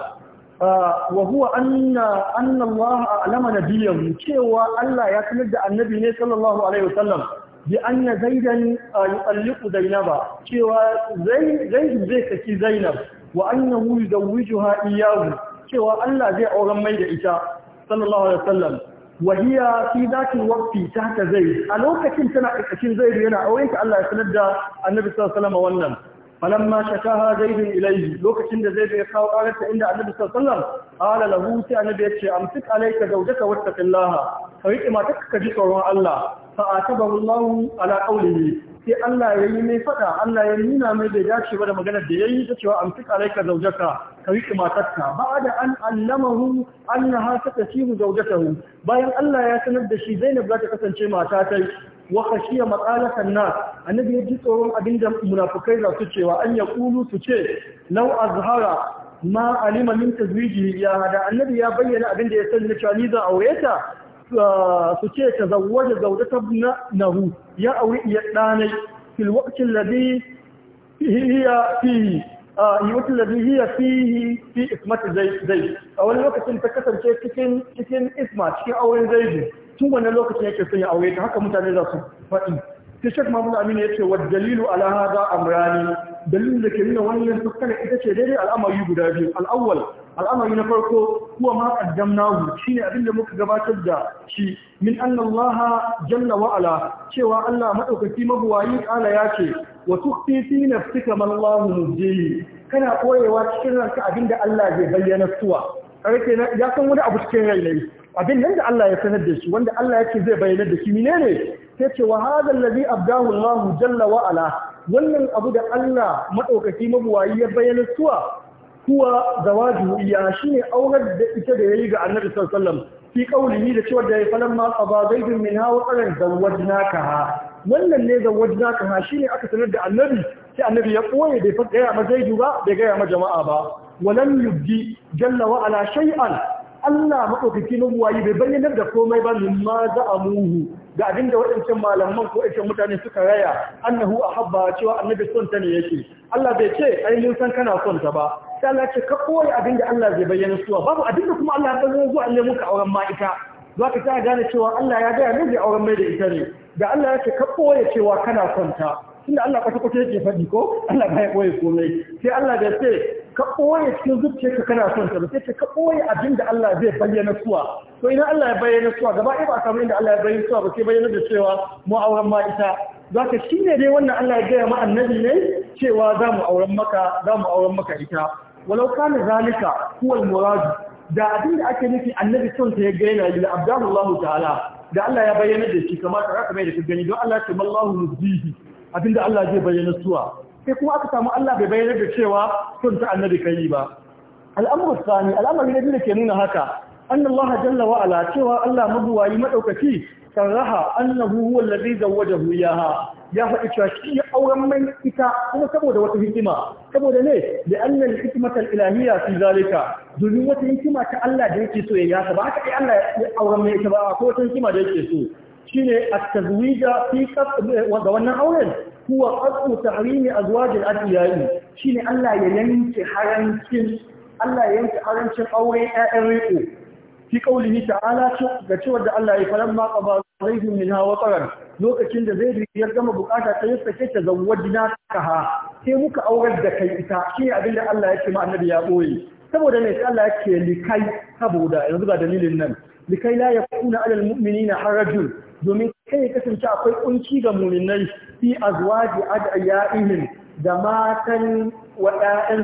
ah, wa huwa anna anna Allah alama nabiyahu cewa Allah ya sanar da annabi ne sallallahu alaihi wasallam bi anna zaidan yuqalliqu zainaba cewa zaid zai saki zainab wa annahu yuzawwijuha iyyahu cewa Allah zai auren mai da ita sallallahu alaihi wasallam wa hiya fi dhati waqti ta zaid a lokacin tana ƙarƙashin zaid yana aurenta Allah ya sanar da annabi sallallahu alaihi wasallam wannan shata falamma zai bin ilayhi lokacin da zaidu ya kawo ƙararta inda annabi sallallahu alaihi wasallam qala sai annabi ya ce amsik alayka zawjaka wattaqillaha ka riƙe matarka ka ji tsoron Allah fa atabahu Allah ala qawlihi sai Allah ya yi mai faɗa, Allah ya nuna mai bai dace ba da maganar da yayi ta cewa amsik alayka zawjaka ka riƙe matarka ba'da an allamahu annaha satasiru zawjatahu bayan Allah ya sanar da shi Zainab za ta kasance mata tai wa khashiya maqalatan nas annabi ya ji tsoron abinda munafukai za su cewa an Kulu su ce law azhara ma alima min tazwiji ya da annabi ya bayyana da ya san na ni zan aure ta ah, su ce ta zawwaja zawjata nahu ya aure ya dane fil waqti alladhi hiya fihi yiwutu ah, da hiya fi ismati zai a wani lokacin ta kasance cikin cikin isma cikin auren zaidu tun wannan lokacin yake son ya aure ta haka mutane za su faɗi sai shek mahmud ya ce wa dalilu ala hada amrani dalilin da ke nuna wannan fuskar ita ce daidai al'amari guda biyu al'awwal al'amari na farko kuwa ma qaddamnahu shine abin da muka gabatar da shi min anna allaha jalla wa ala cewa allah madaukaki mabuwayi kala ya ce wa tukhfi fi nafsika ma allah mujii kana koyewa cikin ranka abin da allah zai bayyana suwa kare ya san wani abu cikin rai ne abin nan da Allah ya sanar da shi wanda Allah yake zai bayyana da shi ne, sai ce wa hadha allazi abdahu Allah jalla wa ala wannan abu da Allah madaukaki mabuwayi ya bayyana suwa kuwa zawaju iya shine aurar da ita da yayi ga Annabi sallallahu alaihi wasallam fi qawlihi da cewa da ya falan ma qaba minha wa qalan zawajnaka wannan ne zawajnaka ha shine aka sanar da Annabi sai Annabi ya koye bai faɗa ya ma ba bai ga ma jama'a ba walam yubdi jalla wa ala shay'an Allah maɗaukaki mabuwayi bai bayyanar da komai ba ma za a muhu ga abin da waɗancan malaman ko ɗancan mutane suka raya annahu a habba cewa annabi son ta ne yake Allah bai ce ai mun san kana son ta ba sai Allah ce ka koyi abin da Allah zai bayyana suwa babu abin da kuma Allah ya bayyana zuwa Allah muka auren ma ita za ka ta gane cewa Allah ya gaya ne zai auren mai da ita ne da Allah ya ce ka koyi cewa kana son ta tunda Allah kwata-kwata yake faɗi ko Allah ba ya koyi komai sai Allah da ce ka ɓoye cikin zuciyarka kana son ta ba sai ka ɓoye abin da Allah zai bayyana suwa to ina Allah ya bayyana suwa gaba ɗaya ba a samu inda Allah ya bayyana suwa ba sai bayyana da cewa mu auren ma ita za ka shi ne dai wannan Allah ya gaya ma annabi ne cewa za mu auren maka za mu auren maka ita walau kana zalika huwal muradu da abin da ake nufi annabi son ta ya gaina lil abdallahu ta'ala da Allah ya bayyana da shi kamar ka mai da ka gani don Allah ya ce mallahu mubdihi abin da Allah zai bayyana suwa sai kuma aka samu Allah bai bayyana da cewa sun ta annabi kai ba al'amru sani al'amari ne da ke nuna haka annallaha jalla wa ala cewa Allah mabuwayi madaukaki sarraha annahu huwa allazi zawwajahu iyaha ya faɗi cewa shi ya auren mai ita kuma saboda wata hikima saboda ne da annal hikmatal ilahiyya fi zalika domin wata hikima ta Allah da yake so ya yasa ba haka dai Allah ya auren mai ita ba ko wata hikima da yake so shine at-tazwija fi qasd wa wannan auren huwa qatlu tahrimi azwajil adiyai shine Allah ya yanke harancin Allah ya yanke harancin aure ƴaƴan riko fi qaulihi ta'ala ga cewa da Allah ya faran ma qaba zaidun min hawa qaran lokacin da zai ya gama bukata ta yasa ke ta zawwajina kaha sai muka aurar da kai ita shine da Allah ya ce ma annabi ya boye saboda ne Allah ya likai saboda yanzu ga dalilin nan likai la yakuna alal mu'minina harajun domin kai ya kasance akwai kunci ga muminai fi azwaji ad'ayaihim da matan wa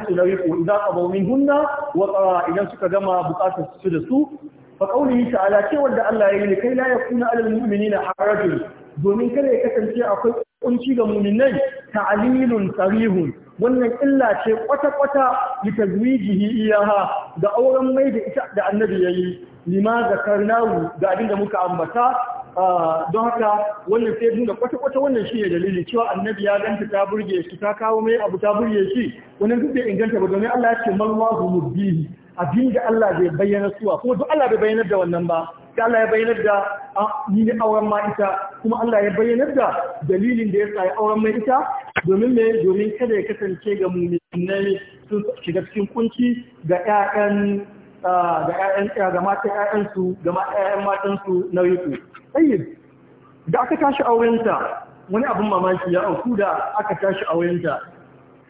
su da riko idan qabau hunna wa idan suka gama bukatar su da su fa ta ta'ala ce wanda Allah ya yi kai la yakuna alal mu'minina harajun domin kada kasance akwai kunci ga muminai ta'alilun sarihun wannan illa ce kwata-kwata li tazwijihi iyaha ga auren mai da ita da annabi yayi lima zakarnahu ga abin da muka ambata Ah, don haka wannan sai nuna kwata-kwata wannan shi ne dalili cewa annabi ya ganta ta burge shi ta kawo mai abu ta burge shi wannan duk bai inganta ba domin Allah ya ce mallahu mubbihi da Allah bai bayyana suwa kuma duk Allah bai bayyana da wannan ba sai Allah ya bayyana da ni ne auren ma ita kuma Allah ya bayyana da dalilin da ya sa auren mai ita domin me domin kada ya kasance ga mu'minai sun shiga cikin kunci ga ƴaƴan ah, ga ƴaƴan ga mata ga ƴaƴan matansu na yuku tsayin da aka tashi aurenta wani abin mamaki ya auku da aka tashi aurenta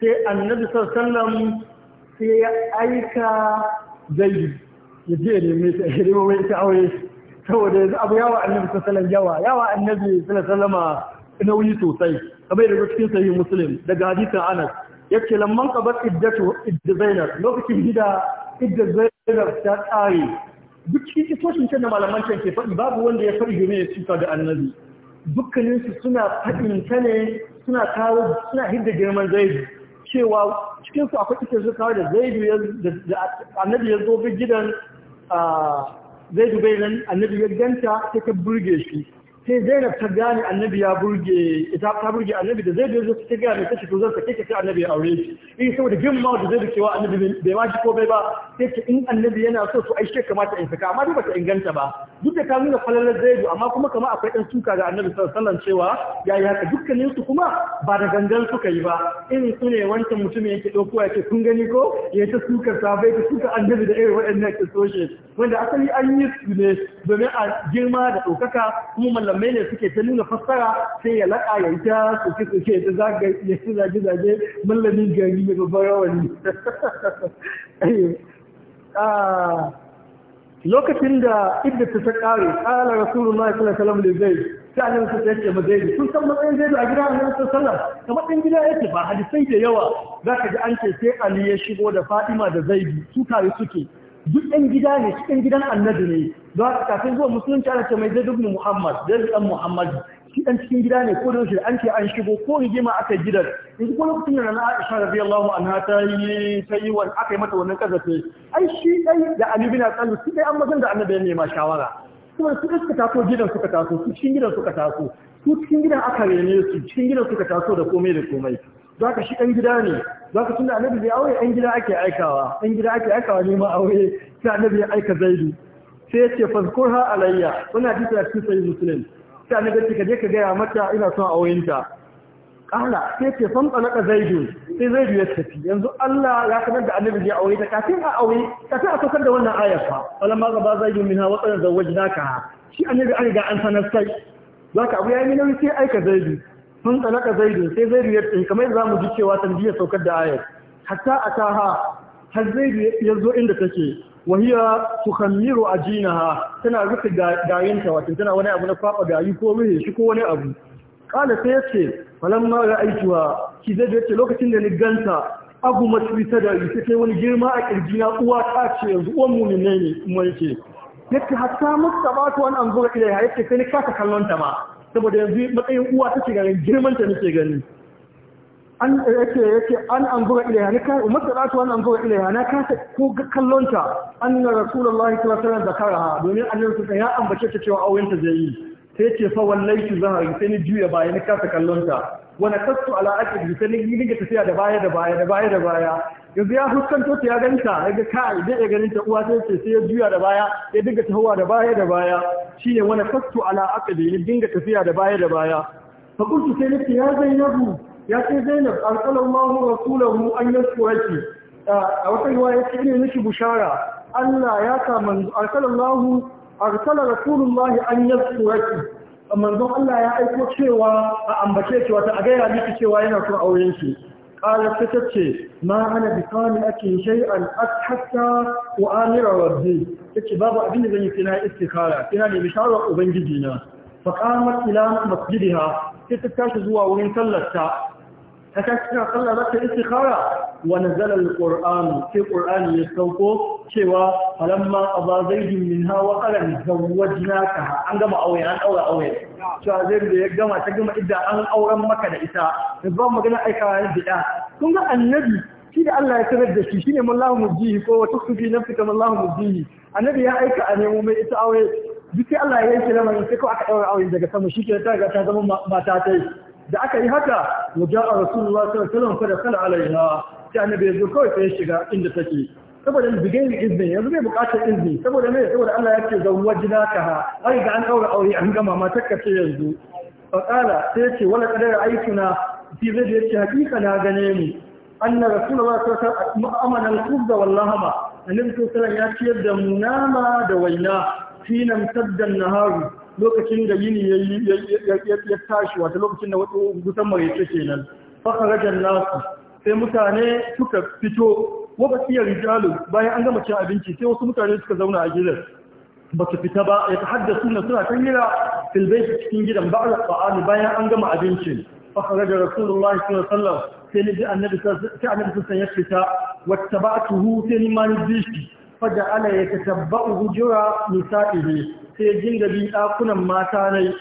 sai annabi sallam sai ya aika zai ya je ne mai ya nemo mai ta aure saboda yanzu abu yawa annabi sallam yawa yawa annabi sallama nauyi sosai kamar da cikin sahih muslim daga hadisin anas yace lamman qabat iddatu idda zainab lokacin gida idda zainab ta tsare duk cikin kisoshin can da malaman can ke faɗi babu wanda ya faɗi domin ya cika da annabi dukkaninsu suna faɗin ta ne suna kawo suna hidda girman zaidu cewa cikinsu akwai ita kawo da zaidu da annabi ya zo gidan ah, zaidu bai nan annabi ya ganta sai ta burge shi sai zainab ta gane annabi ya burge ita ta burge annabi da zai zo ta gane ta shigo zan sai annabi ya aure shi eh saboda girma da zai cewa annabi bai ma ji ko bai ba sai ta in annabi yana so su aishe kamata in saka amma duk bata inganta ba duk da ta nuna falalar zaidu amma kuma kamar akwai dan tuka ga annabi sallallahu alaihi wasallam cewa ya yi haka dukkanin su kuma ba da gangan suka yi ba irin su ne wancan mutumin yake dauko yake kun gani ko ya ta suka sabai ta suka annabi da irin waɗannan kisoshe wanda asali an yi su ne domin a girma da ɗaukaka kuma mallaka malamai ne suke ta nuna fassara sai ya laƙa ya ta soke soke ya zaga ya ci zage zage mallamin gari mai babban rawani ah, lokacin da idda ta kare ala rasulullahi sallallahu alaihi wasallam da zai sai annabi ta yake ma zai sun san matsayin zai a gida annabi sallallahu alaihi wasallam kamar din gida yake ba hadisai da yawa zaka ji an ce sai ali ya shigo da fatima da zaidi su tare suke duk ɗan gida ne cikin gidan annabi ne don haka kafin zuwa musulunci ana ce mai zai dubni muhammad zai ɗan muhammad shi ɗan cikin gida ne ko da yaushe an ce an shigo ko rigima aka gidan yanzu ko lokacin da na aisha allahu anha ta yi ta yi wani aka yi mata wannan kazafe ai shi ɗai da annabi na tsallu su ɗai an mazan da annabi ya nema shawara kuma su suka taso gidan suka taso su cikin gidan suka taso su cikin gidan aka rene su cikin gidan suka taso da komai da komai za ka shi ɗan gida ne za ka tunda annabi zai aure ɗan gida ake aikawa ɗan gida ake aikawa ne ma aure sai annabi ya aika zaidu sai ya ce fazkurha alayya wani hadisi a cikin sayi musulun sai annabi ce ka ka gaya mata ina son aurenta kala sai ce fan tsalaka zaidu sai zaidu ya tafi yanzu Allah ya sanar da annabi zai aure ta kafin a aure kafin a saukar da wannan ayar fa alamma gaba zaidu min ha watsana zawwajnaka shi annabi an riga an sanar sai zaka abu yayi nauyi sai aika zaidu sun tsalaka zaidu sai zaidu ya tsaye kamar za mu ji cewa tanbiya saukar da ayar hatta a taha har zaidu ya zo inda take wahiya tukammiru ajinaha tana rufe gayinta wato tana wani abu na fafa gayi ko rufe shi ko wani abu kala sai yace mara aikiwa, ki zaidu yace lokacin da ni ganta abu matwita da ita wani girma a kirjina uwa ta ce yanzu uwan mu ne ne kuma yake yake hatta mustaba wani an ilai, ilaiha yake sai ni kasa kallon ta ma saboda yanzu matsayin uwa ta ce ganin girman ta nake gani an yake yake an anzura ilaiha ne kai masalatu an anzura ilaiha na kasa ko kallonta anna rasulullahi sallallahu alaihi wasallam zakaraha domin annabi ya ambace ta cewa auren ta zai yi sai ce fa wallahi zahari sai ni juya baya ni kasa kallonta wani kastu ala ake da sai ni ga tafiya da baya da baya da baya da baya yanzu ya fuskanto ta ya ganta ya ga kai idan ya ganin ta uwa sai ce sai ya juya da baya ya dinga tahowa da baya da baya shine wani fastu ala aqdi ne dinga tafiya da baya da baya fa kuntu sai nake ya zainabu ya ce zainab arsalallahu rasulahu an yaskuraki a wata riwaya ce ina miki bushara Allah ya sa manzo arsalallahu arsala rasulullahi an yaskuraki manzon Allah ya aiko cewa a ambace cewa ta ga ya miki cewa yana son auren shi ƙara suka ce ma ana bisani ake shai al'adhatta wa amira wadda ta ce babu abin da zan zai fina istikara fina ne bisharar ubangiji na faƙamar ilanar masjidi ha sai ta tashi zuwa wurin tallata. ka tashi kana sallah za ka istikhara wa nazala alquran sai qur'ani ya sauko cewa falamma aba zaidin minha wa qalan zawwajnaka an gama aure an daura aure cewa zai da ya gama ta gama idda an auren maka da ita da ba magana aikawa ne bid'a kun ga annabi shi da Allah ya sanar da shi shine mallahu mujihi ko wa tukfi nafsika mallahu mujihi annabi ya aika a nemo mai ita aure duk sai Allah ya yanke lamarin sai ko aka daura aure daga sama shi ke ta ga ta zama mata tai da aka yi haka wajen a rasulullah sallallahu alaihi kala alaiha sai annabi kawai sai shiga inda take saboda bigayin izini yanzu bai bukatar izini saboda mai saboda Allah ya ce zan wajina ka ha ai ga an ɗaura aure an gama ma takkace yanzu faqala sai ce wala qadara aikuna fi zai ce hakika na gane mu anna rasulullah sallallahu alaihi wasallam al-khubza wal lahama annabi sallallahu ya ciyar da mu nama da waina finan saddan naharu lokacin da yini ya tashi wata lokacin da wata gusan ke kenan fakarajar nasu sai mutane suka fito wakasiyar rijalu bayan an gama cin abinci sai wasu mutane suka zauna a gidan ba su fita ba ya haddasa suna suna ta hira filbai cikin gidan ba a bayan an gama abincin fakarajar rasulullahi sallallahu alaihi wasallam sai ni ji annabi sun ya fita wata ba tuhu sai ni ma ni ji shi faja ala ya tattabba'u hujura nisa'ihi sai da bi ɗakunan mata na yi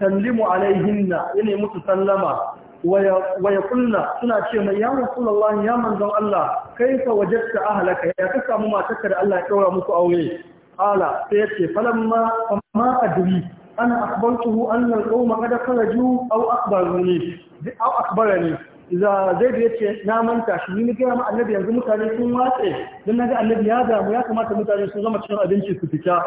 sallimu alaihinna ya nemi su sallama waya kunna suna ce mai ya rasulallah ya manzon Allah kai ka wajatta ahlaka ya ka samu matarka da Allah ya ɗaura muku aure ala sai ya ce falamma amma adri ana akhbartuhu anna al-qawma qad kharaju aw akhbaruni aw akhbarani zai da ce na manta shi ni muke ma annabi yanzu mutane sun watse don na ga annabi ya mu ya kamata mutane sun zama cikin abinci su fita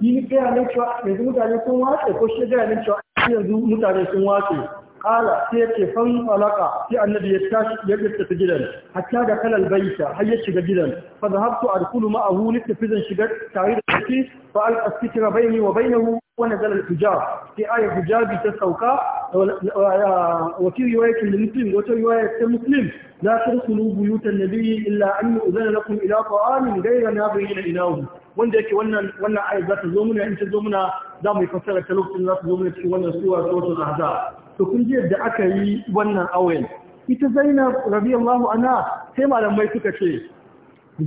ni gaya ne cewa yanzu mutane sun watse ko shi gaya ne cewa yanzu mutane sun watse kala sai yake fan falaka sai annabi ya tashi ya tafi gidan hatta da kalal baita har ya shiga gidan fa zahabtu adkhulu ma'ahu litafizan shiga tare da shi fa alqa sitra bayni wa baynahu wa nazala al-hijab sai aya hijabi ta sauka wa fi riwayatin muslim wa ta riwayatin muslim la tarkulu buyutan nabiyyi illa an yu'zana lakum ila ta'amin ghayra nabiyin ilahu wanda yake wannan wannan aya za ta zo muna in ta zo muna za mu yi fassara ta lokacin za ta zo muna cikin wannan suwa ta wata to kun ji yadda aka yi wannan auren ita Zainab radiyallahu ana sai malamai suka ce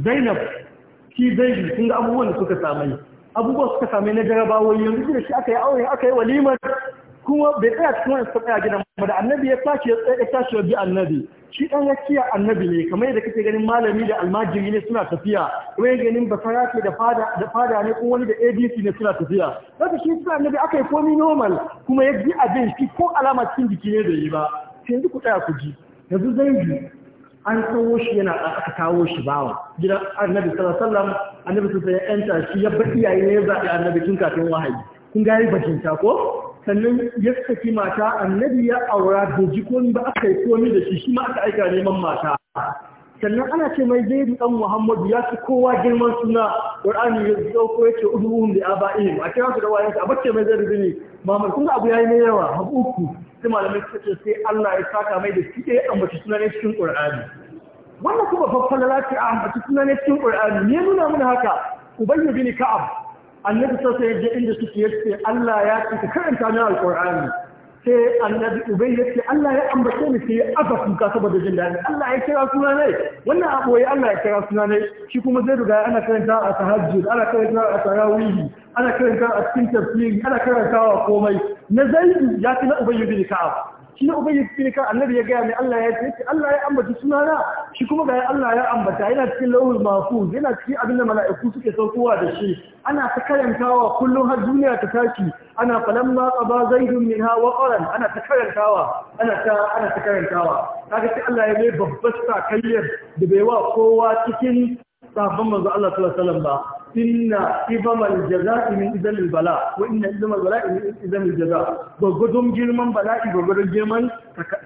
Zainab ki Zaidi kun ga abubuwan da suka samai abubuwan suka samai na jarabawoyi yanzu da shi aka yi auren aka yi walimar kuma bai tsaya cikin wani tsaya gidan ba da annabi ya tashi ya tsaya tashi bi annabi shi dan yakiya annabi ne kamar yadda kake ganin malami da almajiri ne suna tafiya ko yake ganin basara ke da fada da fada ne ko wani da ABC ne suna tafiya haka shi sai annabi aka yi komi normal kuma ya ji abin shi ko alama cikin jiki ne da yi ba sai duk ku tsaya ku ji yanzu yi an kawo shi yana aka kawo shi bawa gidan annabi sallallahu alaihi wasallam annabi sai ya enta shi ya bar iyaye ne ya zabi annabi tun kafin wahayi kun ga bakin bakinta ko sannan ya saki mata annabi ya aura da ji ba aka yi komi da shi shi ma aka aika neman mata sannan ana ce mai zai dan muhammadu ya ci kowa girman suna qur'ani ya dauko ya ce uduhum da aba'ihim a kira su da wayansu a bacce mai zai zini mamar kun abu ya yi mai yawa habuku sai malamai suka ce sai Allah ya saka mai da shi da ambaci suna ne cikin qur'ani wannan kuma babban ce a ambaci suna ne cikin qur'ani ne nuna mana haka ubayyu ne ka'ab annabi sassa ya je inda suke yace Allah ya ce karanta min alqur'ani sai annabi ubay yace Allah ya ambace ni sai aka kuka saboda jin dadi Allah ya kira suna ne wannan aboye Allah ya kira suna ne shi kuma zai riga ana karanta a tahajjud ana karanta a tarawih ana karanta a cikin tafsiri ana karanta wa komai na zaidu ya ci na ubay ni ka. shi ne ubangi cikin kan annabi ya gaya mai Allah ya ce Allah ya ambaci sunana shi kuma ga Allah ya ambata yana cikin lauhul mahfuz yana cikin abin da mala'iku suke saukowa da shi ana ta karantawa kullum har duniya ta tashi ana falamma qaba zaidun minha wa qaran ana ta karantawa ana ta ana ta karantawa kaga sai Allah ya mai babbar sakayyar da bai wa kowa cikin sahabban manzo Allah sallallahu alaihi wasallam ba inna ibamal jaza'i min izalil bala wa inna izamal bala'i min izalil jaza gwagwadon girman bala'i gwagwadon girman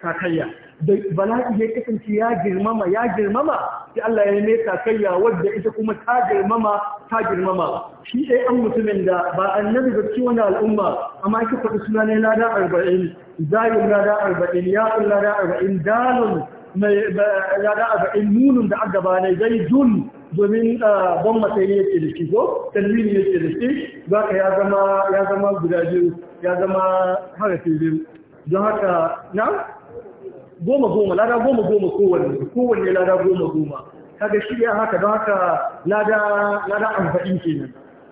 takayya da bala'i ya kasance ya girmama ya girmama sai Allah ya ne takayya wadda ita kuma ta girmama ta girmama shi dai an mutumin da ba annabi ba ci wani al'umma amma ki faɗi suna ne lada arba'in zayin lada arba'in ya'un lada arba'in dalun mai lada arba'in nunun da aka gaba ne zaidun domin ban ah, matsayi yake da shi ko talmini yake da shi za ka ya zama guda biyu ya zama harafi biyu don haka na goma goma lada goma goma kowanne kowanne lada goma goma kaga shi ya haka don haka lada lada arba'in kenan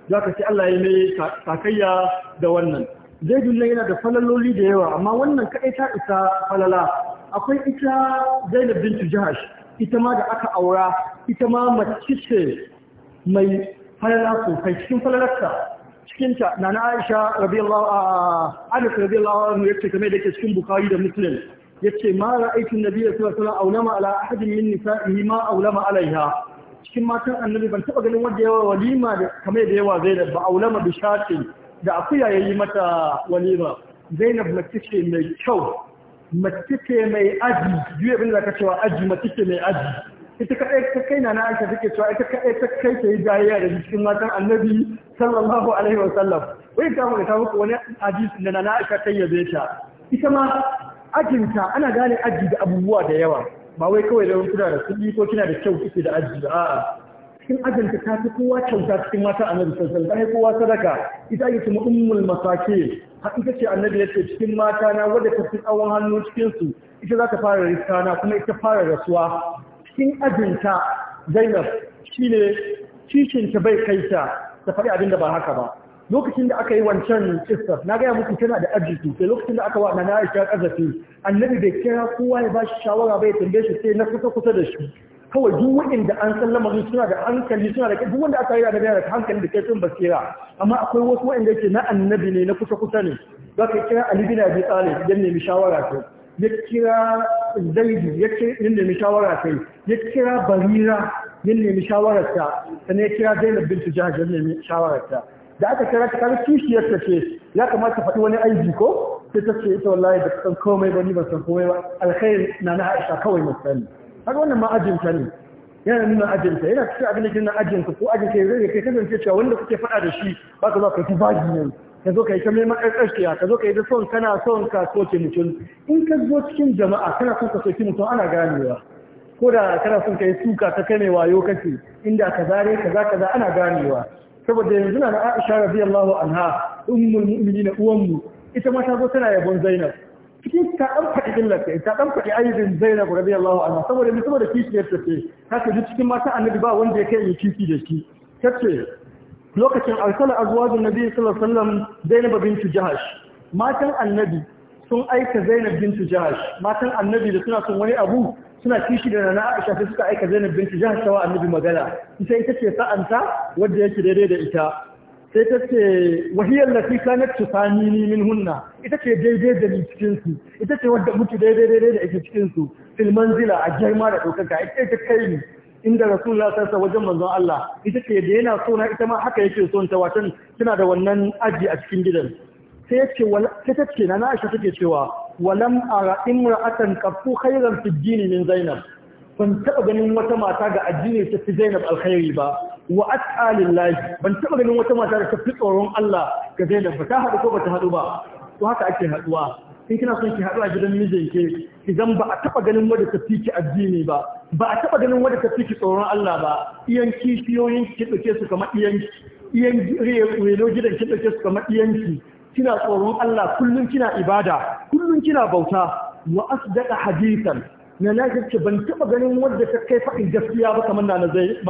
za ka ce Allah ya mai takayya da wannan zai dunna yana da falaloli da yawa amma wannan kaɗai ta isa falala akwai ita zainab bintu jahash ita ma da aka aura ita ma mace mai falala sosai cikin falalarta cikinta na na aisha rabiyallahu a anas rabiyallahu anhu yace kamar da ke cikin bukhari da muslim yace ma ra'aytu nabiyya sallallahu tura wasallam aulama ala ahadin min nisa nisa'ihi ma aulama alaiha cikin matan annabi ban taba ganin wanda yawa walima da kamar da yawa zainab ba aulama bi da akuya ya yi mata walima zainab mace ce mai kyau mace ce mai aji duk abin da ka cewa aji mace ce mai aji ita ka ta kai na aisha take cewa ita ka ta kai ta yi jayayya da cikin matan annabi sallallahu alaihi wa sallam wai ta mu ta muku wani hadisi da na aisha ta yabe ta ita ma ajinta ana gane aji da abubuwa da yawa ba wai kawai da kuna da kuɗi ko kina da kyau kike da aji ba a'a cikin ajinta ta fi kowa kyauta cikin mata annabi sallallahu alaihi wa sallam ta kowa sadaka ita ake kuma ummul masakin ita ce annabi ya ce cikin mata na wadda ta fi tsawon hannu cikinsu ita za ta fara rikana kuma ita fara rasuwa cikin ajinta zainab shi ne ta bai kai ta ta faɗi abin da ba haka ba lokacin da aka yi wancan kistar na gaya muku tana da arziki sai lokacin da aka wa na aisha annabi bai kira kowa ya ba shi shawara bai tambaye shi sai na kusa kusa da shi kawai duk waɗanda an san lamarin suna da hankali suna da duk wanda aka yi da da hankali da kaifin basira amma akwai wasu waɗanda yake na annabi ne na kusa kusa ne za ka kira Ali bin Abi Talib dan nemi shawara ta ya kira Zaid ya kira nemi shawara ta ya kira Barira ya nemi shawara ta sai ya kira Zainab bint Jahsh ya nemi shawara ta da aka kira ta kare kishiyar ta ce ya kamata faɗi wani aiki ko sai ta ce ita wallahi da san komai ba ni ba san komai ba alkhair na na Aisha kawai na har wannan ma'ajinta ajinta ne yana nuna ajinta yana cikin abin da ke nuna ajinta ko ajinta ya zai kai kasance cewa wanda kuke faɗa da shi ba ka zo ka ci baji ne ka zo ka yi ta neman ƙarƙashiya ka zo ka yi da son kana son ka soke mutum in ka zo cikin jama'a kana son ka soke mutum ana ganewa ko da kana son ka yi suka ta kame wayo kake inda ka zare kaza kaza ana ganewa saboda yanzu na Aisha radiyallahu anha ummul mu'minina uwanmu ita ma ta zo tana yabon Zainab cikin ta dan faɗi illarta ta dan faɗi aibin Zainab radiyallahu anha saboda saboda kishi ta ce haka duk cikin mata annabi ba wanda ya kai yi kishi da shi tace lokacin alkala azwajun nabi sallallahu alaihi wasallam Zainab bintu Jahash matan annabi sun aika Zainab bintu Jahash matan annabi da suna son wani abu suna kishi da Nana Aisha sai suka aika Zainab bintu Jahash wa annabi magana ita ita ce sa'anta wanda yake daidai da ita sai ta ce wahiyar lati ni min hunna ita ce daidai da ni cikinsu. ita ce wadda mutu daidai da ake cikinsu. filman zila a girma da ɗaukaka ita ta kai ni inda rasulullah sassa wajen manzon Allah ita ce da yana so na ita ma haka yake so ta watan tana da wannan aji a cikin gidan sai ta ce na na Aisha take cewa walam ara imra'atan qattu khayran fi min Zainab ban taɓa ganin wata mata ga addini ta fi Zainab alkhairi ba wa atqa lillahi ban taɓa ganin wata mata da ta fi tsoron Allah ga Zainab ba ta haɗu ko ba ta haɗu ba to haka ake haɗuwa in kina son ki haɗu a gidan mijinki idan ba a taɓa ganin wanda ta fi ki addini ba ba a taɓa ganin wanda ta fi ki tsoron Allah ba iyan kishiyoyin ki ɗauke su kamar iyan iyan relo gidan ki ɗauke su kamar ki, kina tsoron Allah kullum kina ibada kullum kina bauta wa asdaqa hadithan na na ban taba ganin wadda ta kai faɗin gaskiya ba kamar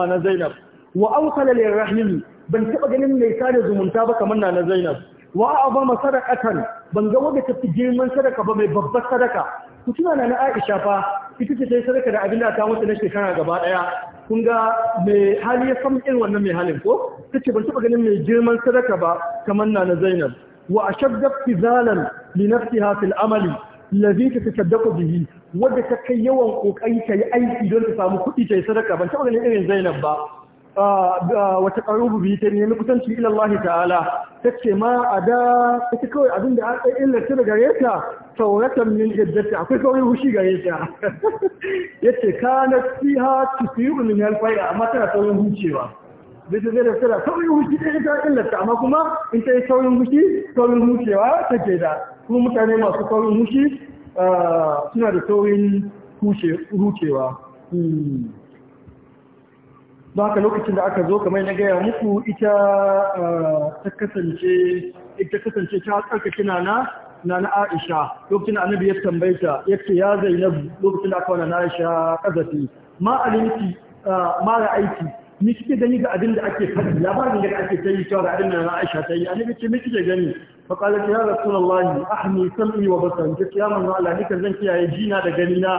na zainab wa aukala lil rahim ban taɓa ganin mai sada zumunta ba kamar na zainab wa azama sadaqatan ban ga wadda ta fi girman sadaka ba mai babbar sadaka ku tuna na na Aisha fa ita ce ta yi sadaka da abin da ta mutu na shekara gaba daya kun ga mai hali ya samu irin wannan mai halin ko tace ban taba ganin mai girman sadaka ba kamar na Zainab wa ashadda fizalan li nafsiha fil amali ta تتصدق bihi wadda ta kai yawan kokari ta yi aiki don ta samu kuɗi ta yi sadaka ban taɓa ganin irin zainab ba wata ƙarubu biyu ta nemi kusanci ilallahi ta'ala ta ce ma a da ita kawai abin da an illarta da gare ta tauratan min jaddata akwai kawai rushi gare ta ya ce ka na fiha tu fiyu min halfaya amma tana saurin hucewa zai ta zai da tana saurin hushi ɗaya ta illarta amma kuma in ta yi saurin hushi saurin hucewa ta ke da kuma mutane masu saurin hushi Ah, suna da saurin rucewa ba hmm. ka lokacin da aka zo kamar na gaya muku ita ah, ta kasance ita kasance ta tsarkake kina na na Aisha lokacin annabi ya ya yace ya Zainab lokacin da aka wani na Aisha kazafi ma alimti ah, ma ra'aiti ni kike gani ga abin da ake faɗi labarin da ake tayi cewa ga abin da Aisha ta yi annabi ce me kike gani fa qala ya rasulullahi ahmi sam'i wa basari kace ya manzo Allah nikan zan kiyaye jina da gani na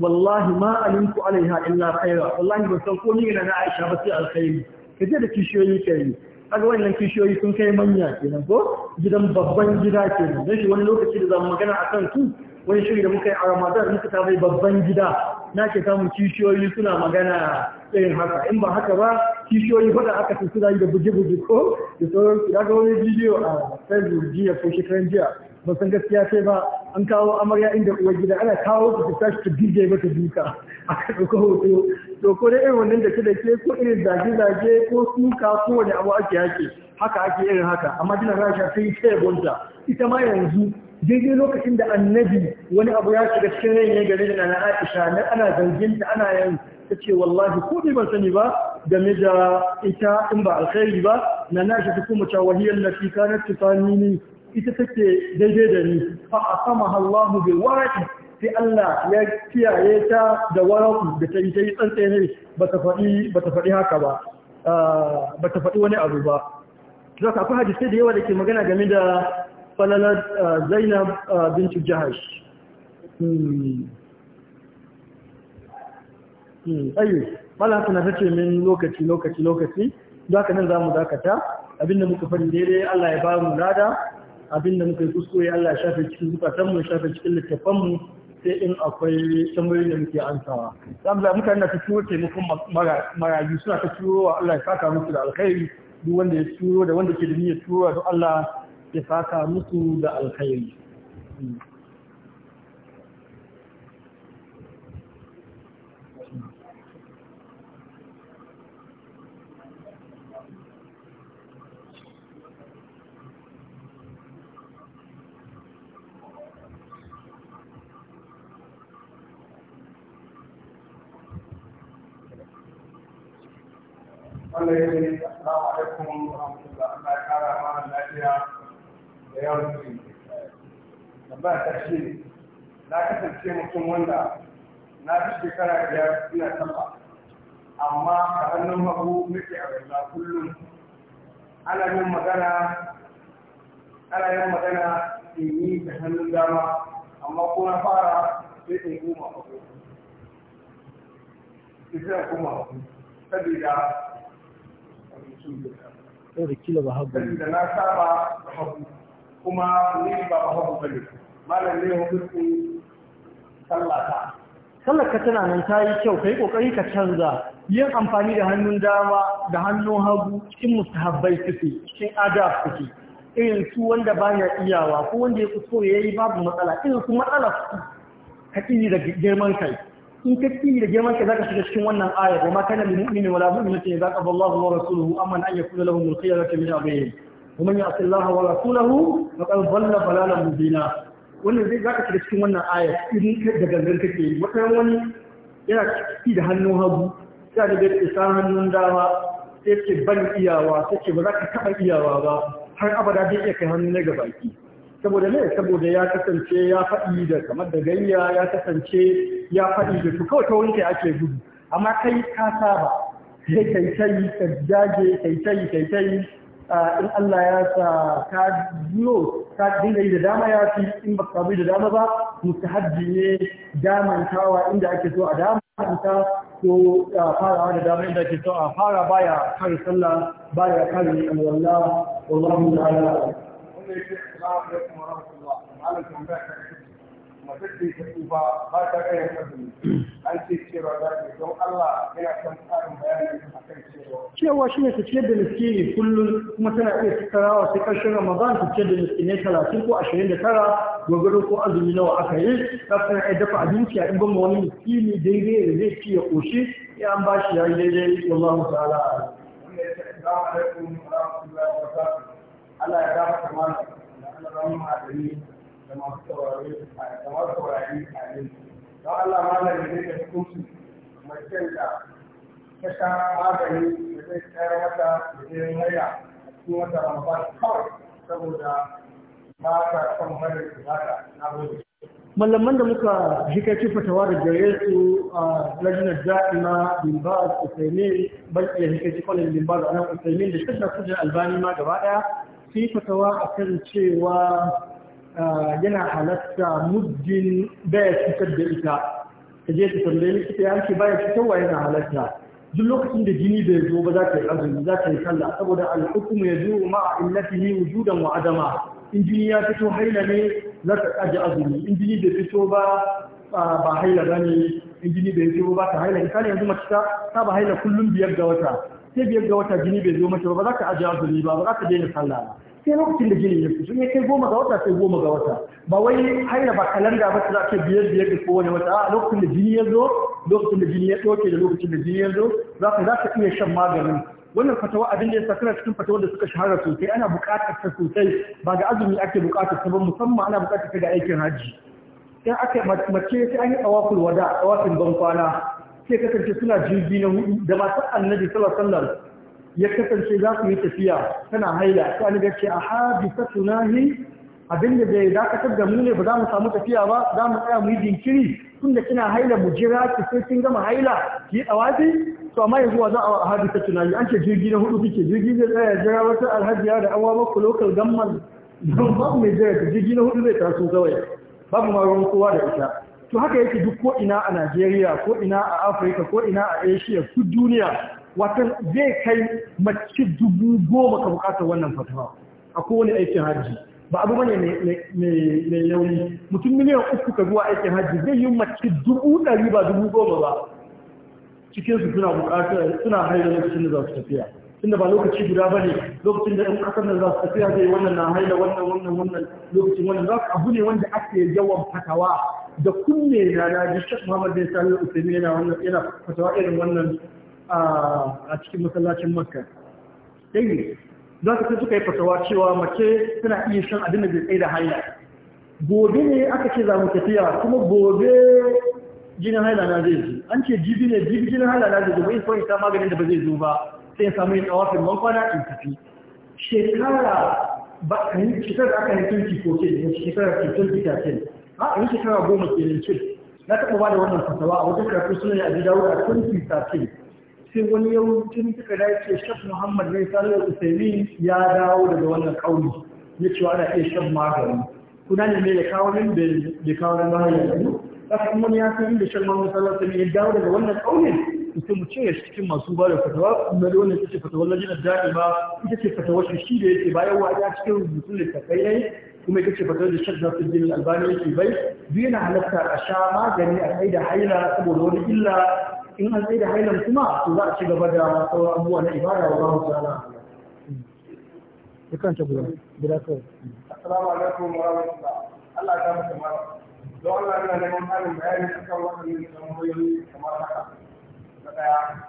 wallahi ma alimtu alaiha illa khaira wallahi ban san komai ga na Aisha ba sai alkhairi kaje da kishiyoyi kai kaga wannan kishiyoyi sun kai manya kenan ko gidan babban gida kenan dan wani lokaci da zamu magana akan su wani shiri da muka yi a Ramadan muka ta bai babban gida nake samun kishiyoyi suna magana tsayin haka in ba haka ba kishiyoyi faɗa aka fi suna yi da buge-buge ko da sauran su ga wani bidiyo a facebook jiya ko shekaran jiya ba san gaskiya sai ba an kawo amarya inda uwar gida ana kawo su ta tashi ta gige mata duka a kan ɗauka hoto to ko dai irin wannan da ke da ke ko irin zage-zage ko suka ko wani abu ake yake haka ake irin haka amma tana rasha sai ta yabonta ita ma yanzu daidai lokacin da annabi wani abu ya shiga cikin rai ne gare da na Aisha na ana zargin ta ana yin ta ce wallahi ko bai ban sani ba game da ita in ba alkhairi ba na na shi ta kuma cewa hiyar lafi na tufani ita take daidai da ni fa kama Allahu bai waraqi sai Allah ya kiyaye ta da waraqu da ta yi ta yi tsantsaye ba ta faɗi ba ta faɗi haka ba ah, ba ta faɗi wani abu ba zaka akwai hadisi da yawa da ke magana game da falalar uh, zainab uh, bintu jahash hmm. hmm. ayu haka na tace min lokaci lokaci lokaci haka nan za mu dakata abinda muka fari daidai Allah ya ba mu lada abinda muka yi kuskure Allah ya shafe cikin zukatan mu ya shafe cikin littafan mu sai in akwai tambayoyin da muke ansawa zamu za mutane ta turo taimakon marayu suna ta turo Allah ya saka musu da alkhairi duk wanda ya turo da wanda ke da niyyar turo da Allah اتفاقا مسو دا الخير السلام عليكم ورحمة الله وبركاته da yawon kiri tambaya ta shi na kasance mutum wanda na fi shekara biyar ina sallah amma a hannun hagu nake a rana kullum ana yin magana ana yin magana in yi da hannun dama amma ko na fara sai in koma hagu sai in koma sabida saboda saboda da ba hagu saboda na saba da hagu kuma ni ba ba hawa bane malam ne hukunci sallata sallar ka tana nan ta yi kyau kai kokari ka canza yin amfani da hannun dama da hannun hagu cikin mustahabbai suke cikin adab suke irin su wanda baya iyawa ko wanda ya kuso ya yi babu matsala irin su matsala su ka kiri da girman kai in ka kiri da girman kai zaka shiga cikin wannan aya wa kana lil mu'mini wala mu'minati idza qada Allahu wa rasuluhu amman an yakuna lahum al-khiyaratu min amrihim ومن يعص الله ورسوله فقد ضل ضلالا مبينا wannan zai zaka shiga cikin wannan aya in da gangan kake yi wata wani yana ciki da hannun hagu ya da bai isa hannun dama sai ce ban iyawa sai ce ba za ka taɓa iyawa ba har abada zai iya kai hannu na ga baki saboda ne saboda ya kasance ya faɗi da kamar da gayya ya kasance ya faɗi da su kawai ta wanke ake gudu amma kai ka saba sai kai tai ka jage kai tai kai in Allah ya sa ka biyo ka dinga yi da dama ya fi in ba ka bi da dama ba mustahaddi ne damantawa inda ake so a damanta ko a farawa da dama inda ake so a fara baya kare sallah baya kare alwala wallahu ta'ala wannan yake assalamu alaikum wa rahmatullah malam tambaya matattu ta tsufa ba ta kayan azumi an ce cewa za ta don Allah yana kan tsarin bayanin a kan cewa. Cewa shi ne ta ciyar da miskini kullum kuma tana iya tukarawa sai ƙarshen Ramadan ta ciyar da miskinai talatin ko ashirin da tara dogaro ko azumi nawa aka yi za ta iya dafa abinci a in ban wani miskini daidai da zai ci ya ƙoshi ya an ba shi ya yi daidai da ta'ala. Wanda ya ce, Assalamu alaikum wa rahmatullahi wa barakatuh. Allah ya dafa kamar da Allah ya rahama da ni da masu da masu saurari a yin don Allah ne da hukunci mai canza ta sha magani da zai da a ramadan kawai saboda ba ta son na gode. da muka hikaci fatawa da gare a lajinar da'ima da shirya albani ma gaba ɗaya su yi fatawa a kan cewa yana halatta muddin baya cutar da ita ta je ta tambaye likita ya ce baya cutarwa yana halatta duk lokacin da jini bai zo ba za ta yi azumi za ta yi sallah saboda al'ukumu ya zo ma a illatihi wujudan wa adama in jini ya fito haila ne za ta aje azumi in jini bai fito ba ba haila ba ne in jini bai fito ba ta haila misali yanzu mace ta ta ba haila kullum biyar ga wata sai biyar ga wata jini bai zo mace ba za ta aji azumi ba ba za ta daina sallah ba sai lokacin da jini ya fito ya kai goma ga wata sai goma ga wata ba wai haila ba kalanda ba za ka biyar biyar da kowane wata a lokacin da jini ya zo lokacin da jini ya doke da lokacin da jini ya zo za ka za ka iya shan maganin wannan fatawa abin da ya sa tana cikin fatawar da suka shahara sosai ana buƙatar ta sosai ba ga azumi ake buƙatar ta ba musamman ana buƙatar ta ga aikin hajji sai aka mace sai an yi tsawafin wada tsawafin ban kwana sai kasance suna jirgi na hudu da masu annabi sallallahu alaihi wasallam ya kasance za ku yi tafiya tana haila sai annabi ya a haɗi ta satunahi abin da dakatar da mu ne ba za mu samu tafiya ba za mu tsaya mu yi jinkiri tun da kina haila mu jira ki sai kin gama haila ki yi tsawafi to amma yanzu wa za a ahadi ta tunani an ce jirgi na hudu kike jirgi zai tsaya jira wata alhajiya da awa maku lokal gamman babu mai jira ta jirgi na hudu zai taso kawai babu ma ruwan kowa da ita to haka yake duk ko ina a Najeriya ko ina a Afirka ko ina a Asia duk duniya wato zai kai mace dubu goma ka bukatar wannan fatawa a kowane aikin hajji ba abu bane mai yauni mutum miliyan uku ka zuwa aikin hajji zai yi mace dubu ɗari ba dubu goma ba cikin su suna bukatar suna haila lokacin da za su tafiya tunda ba lokaci guda ba ne lokacin da ɗan ƙasar nan za su tafiya zai wannan na haila wannan wannan wannan lokacin wannan za su abu ne wanda ake yawan fatawa da kunne na na ji Sheikh Muhammad bin Salih Usaimi yana wannan yana fatawa irin wannan a cikin masallacin makka ɗaya za ka suka yi fasawa cewa mace suna iya shan abin da zai tsaye da haila gobe ne aka ce za mu tafiya kuma gobe jinin haila na zai zo an ce jibi ne jibi jinin haila na zai zo bai so ita maganin da ba zai zo ba sai ya samu yin tsawafin man kwana in tafi shekara ba a yi shekara da aka yi tunki ko ce ne shekara ke tunki ta ce a yi shekara goma ke ne ce na taɓa ba da wannan fatawa a wajen karfi suna ya a dawo a tunki ta ce sai wani ya rubutun suka dace shaf muhammad bai salar usaimi ya dawo daga wannan kauli ya cewa ana iya shan magani kuna ne mai ya kawo nan da ya kawo nan bayan yanzu haka kuma ya san inda shan magani salar usaimi ya dawo daga wannan kaulin sai mu cire shi cikin masu ba da fatawa kuma da wannan ita ce fatawar lajinar da'ima ita ce fatawar shi shi da yake bayan wada cikin rubutun littattafai ne kuma ita ce fatawar da shak zafin jini albani yake bai biyu na halatta a sha magani a kai da haila saboda wani illa in an tsaye da hailan kuma to za a ci gaba da sauran abubuwa na ibada wa bahu ta'ala dukkan kan guda guda kawai assalamu alaikum wa rahmatullah Allah ya don Allah yana bayani akan waɗannan tambayoyi kamar haka na daya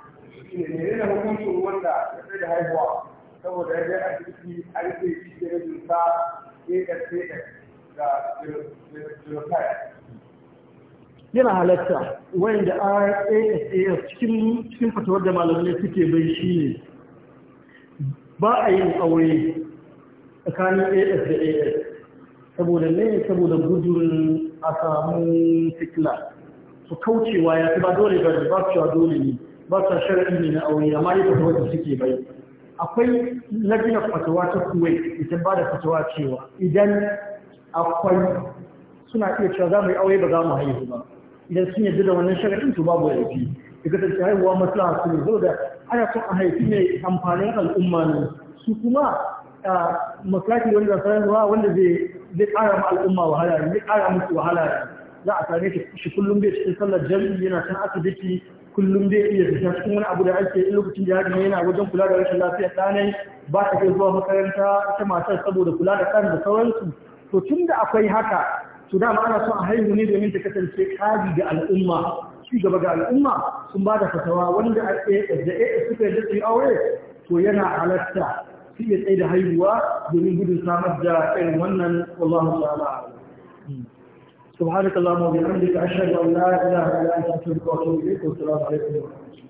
shine ne ne wanda ya tsaye da haihuwa saboda ya je a an ce shi sa ga yana halatta wanda RASAF cikin cikin fatawar da malamai suke bai shi ne ba a yin aure tsakanin as da as saboda ne saboda gudun a samu sikila su kaucewa ya fi ba dole ba ba su cewa dole ne ba su shari'i ne na aure amma yi fatawar da suke bai akwai lajinar fatawa ta kuwa ita ba da fatawa cewa idan akwai suna iya cewa za mu yi aure ba za mu haihu ba idan sun yadda da wannan sharaɗin to babu laifi daga kasance haihuwa masu su ne saboda ana son a haifi mai amfanin al'umma ne su kuma maslaki wani za su wanda zai kara ma al'umma wahala ne zai kara musu wahala ne za a same shi kullum bai cikin sallar jami'i yana can asibiti kullum bai iya fita cikin wani abu da ake in lokacin jihadi ne yana wajen kula da rashin lafiyar ɗanai ba ta kai zuwa makaranta ita matar saboda kula da ɗan da sauransu to tun da akwai haka to dama ana so a haihu ne domin ta kasance kari ga al'umma ci gaba ga al'umma sun ba da fatawa wanda a da suka yi aure to yana halatta su iya tsaye da haihuwa domin gudun samar da irin wannan wallahu ta'ala سبحانك اللهم وبحمدك اشهد ان لا اله الا انت استغفرك واتوب اليك والسلام عليكم ورحمه الله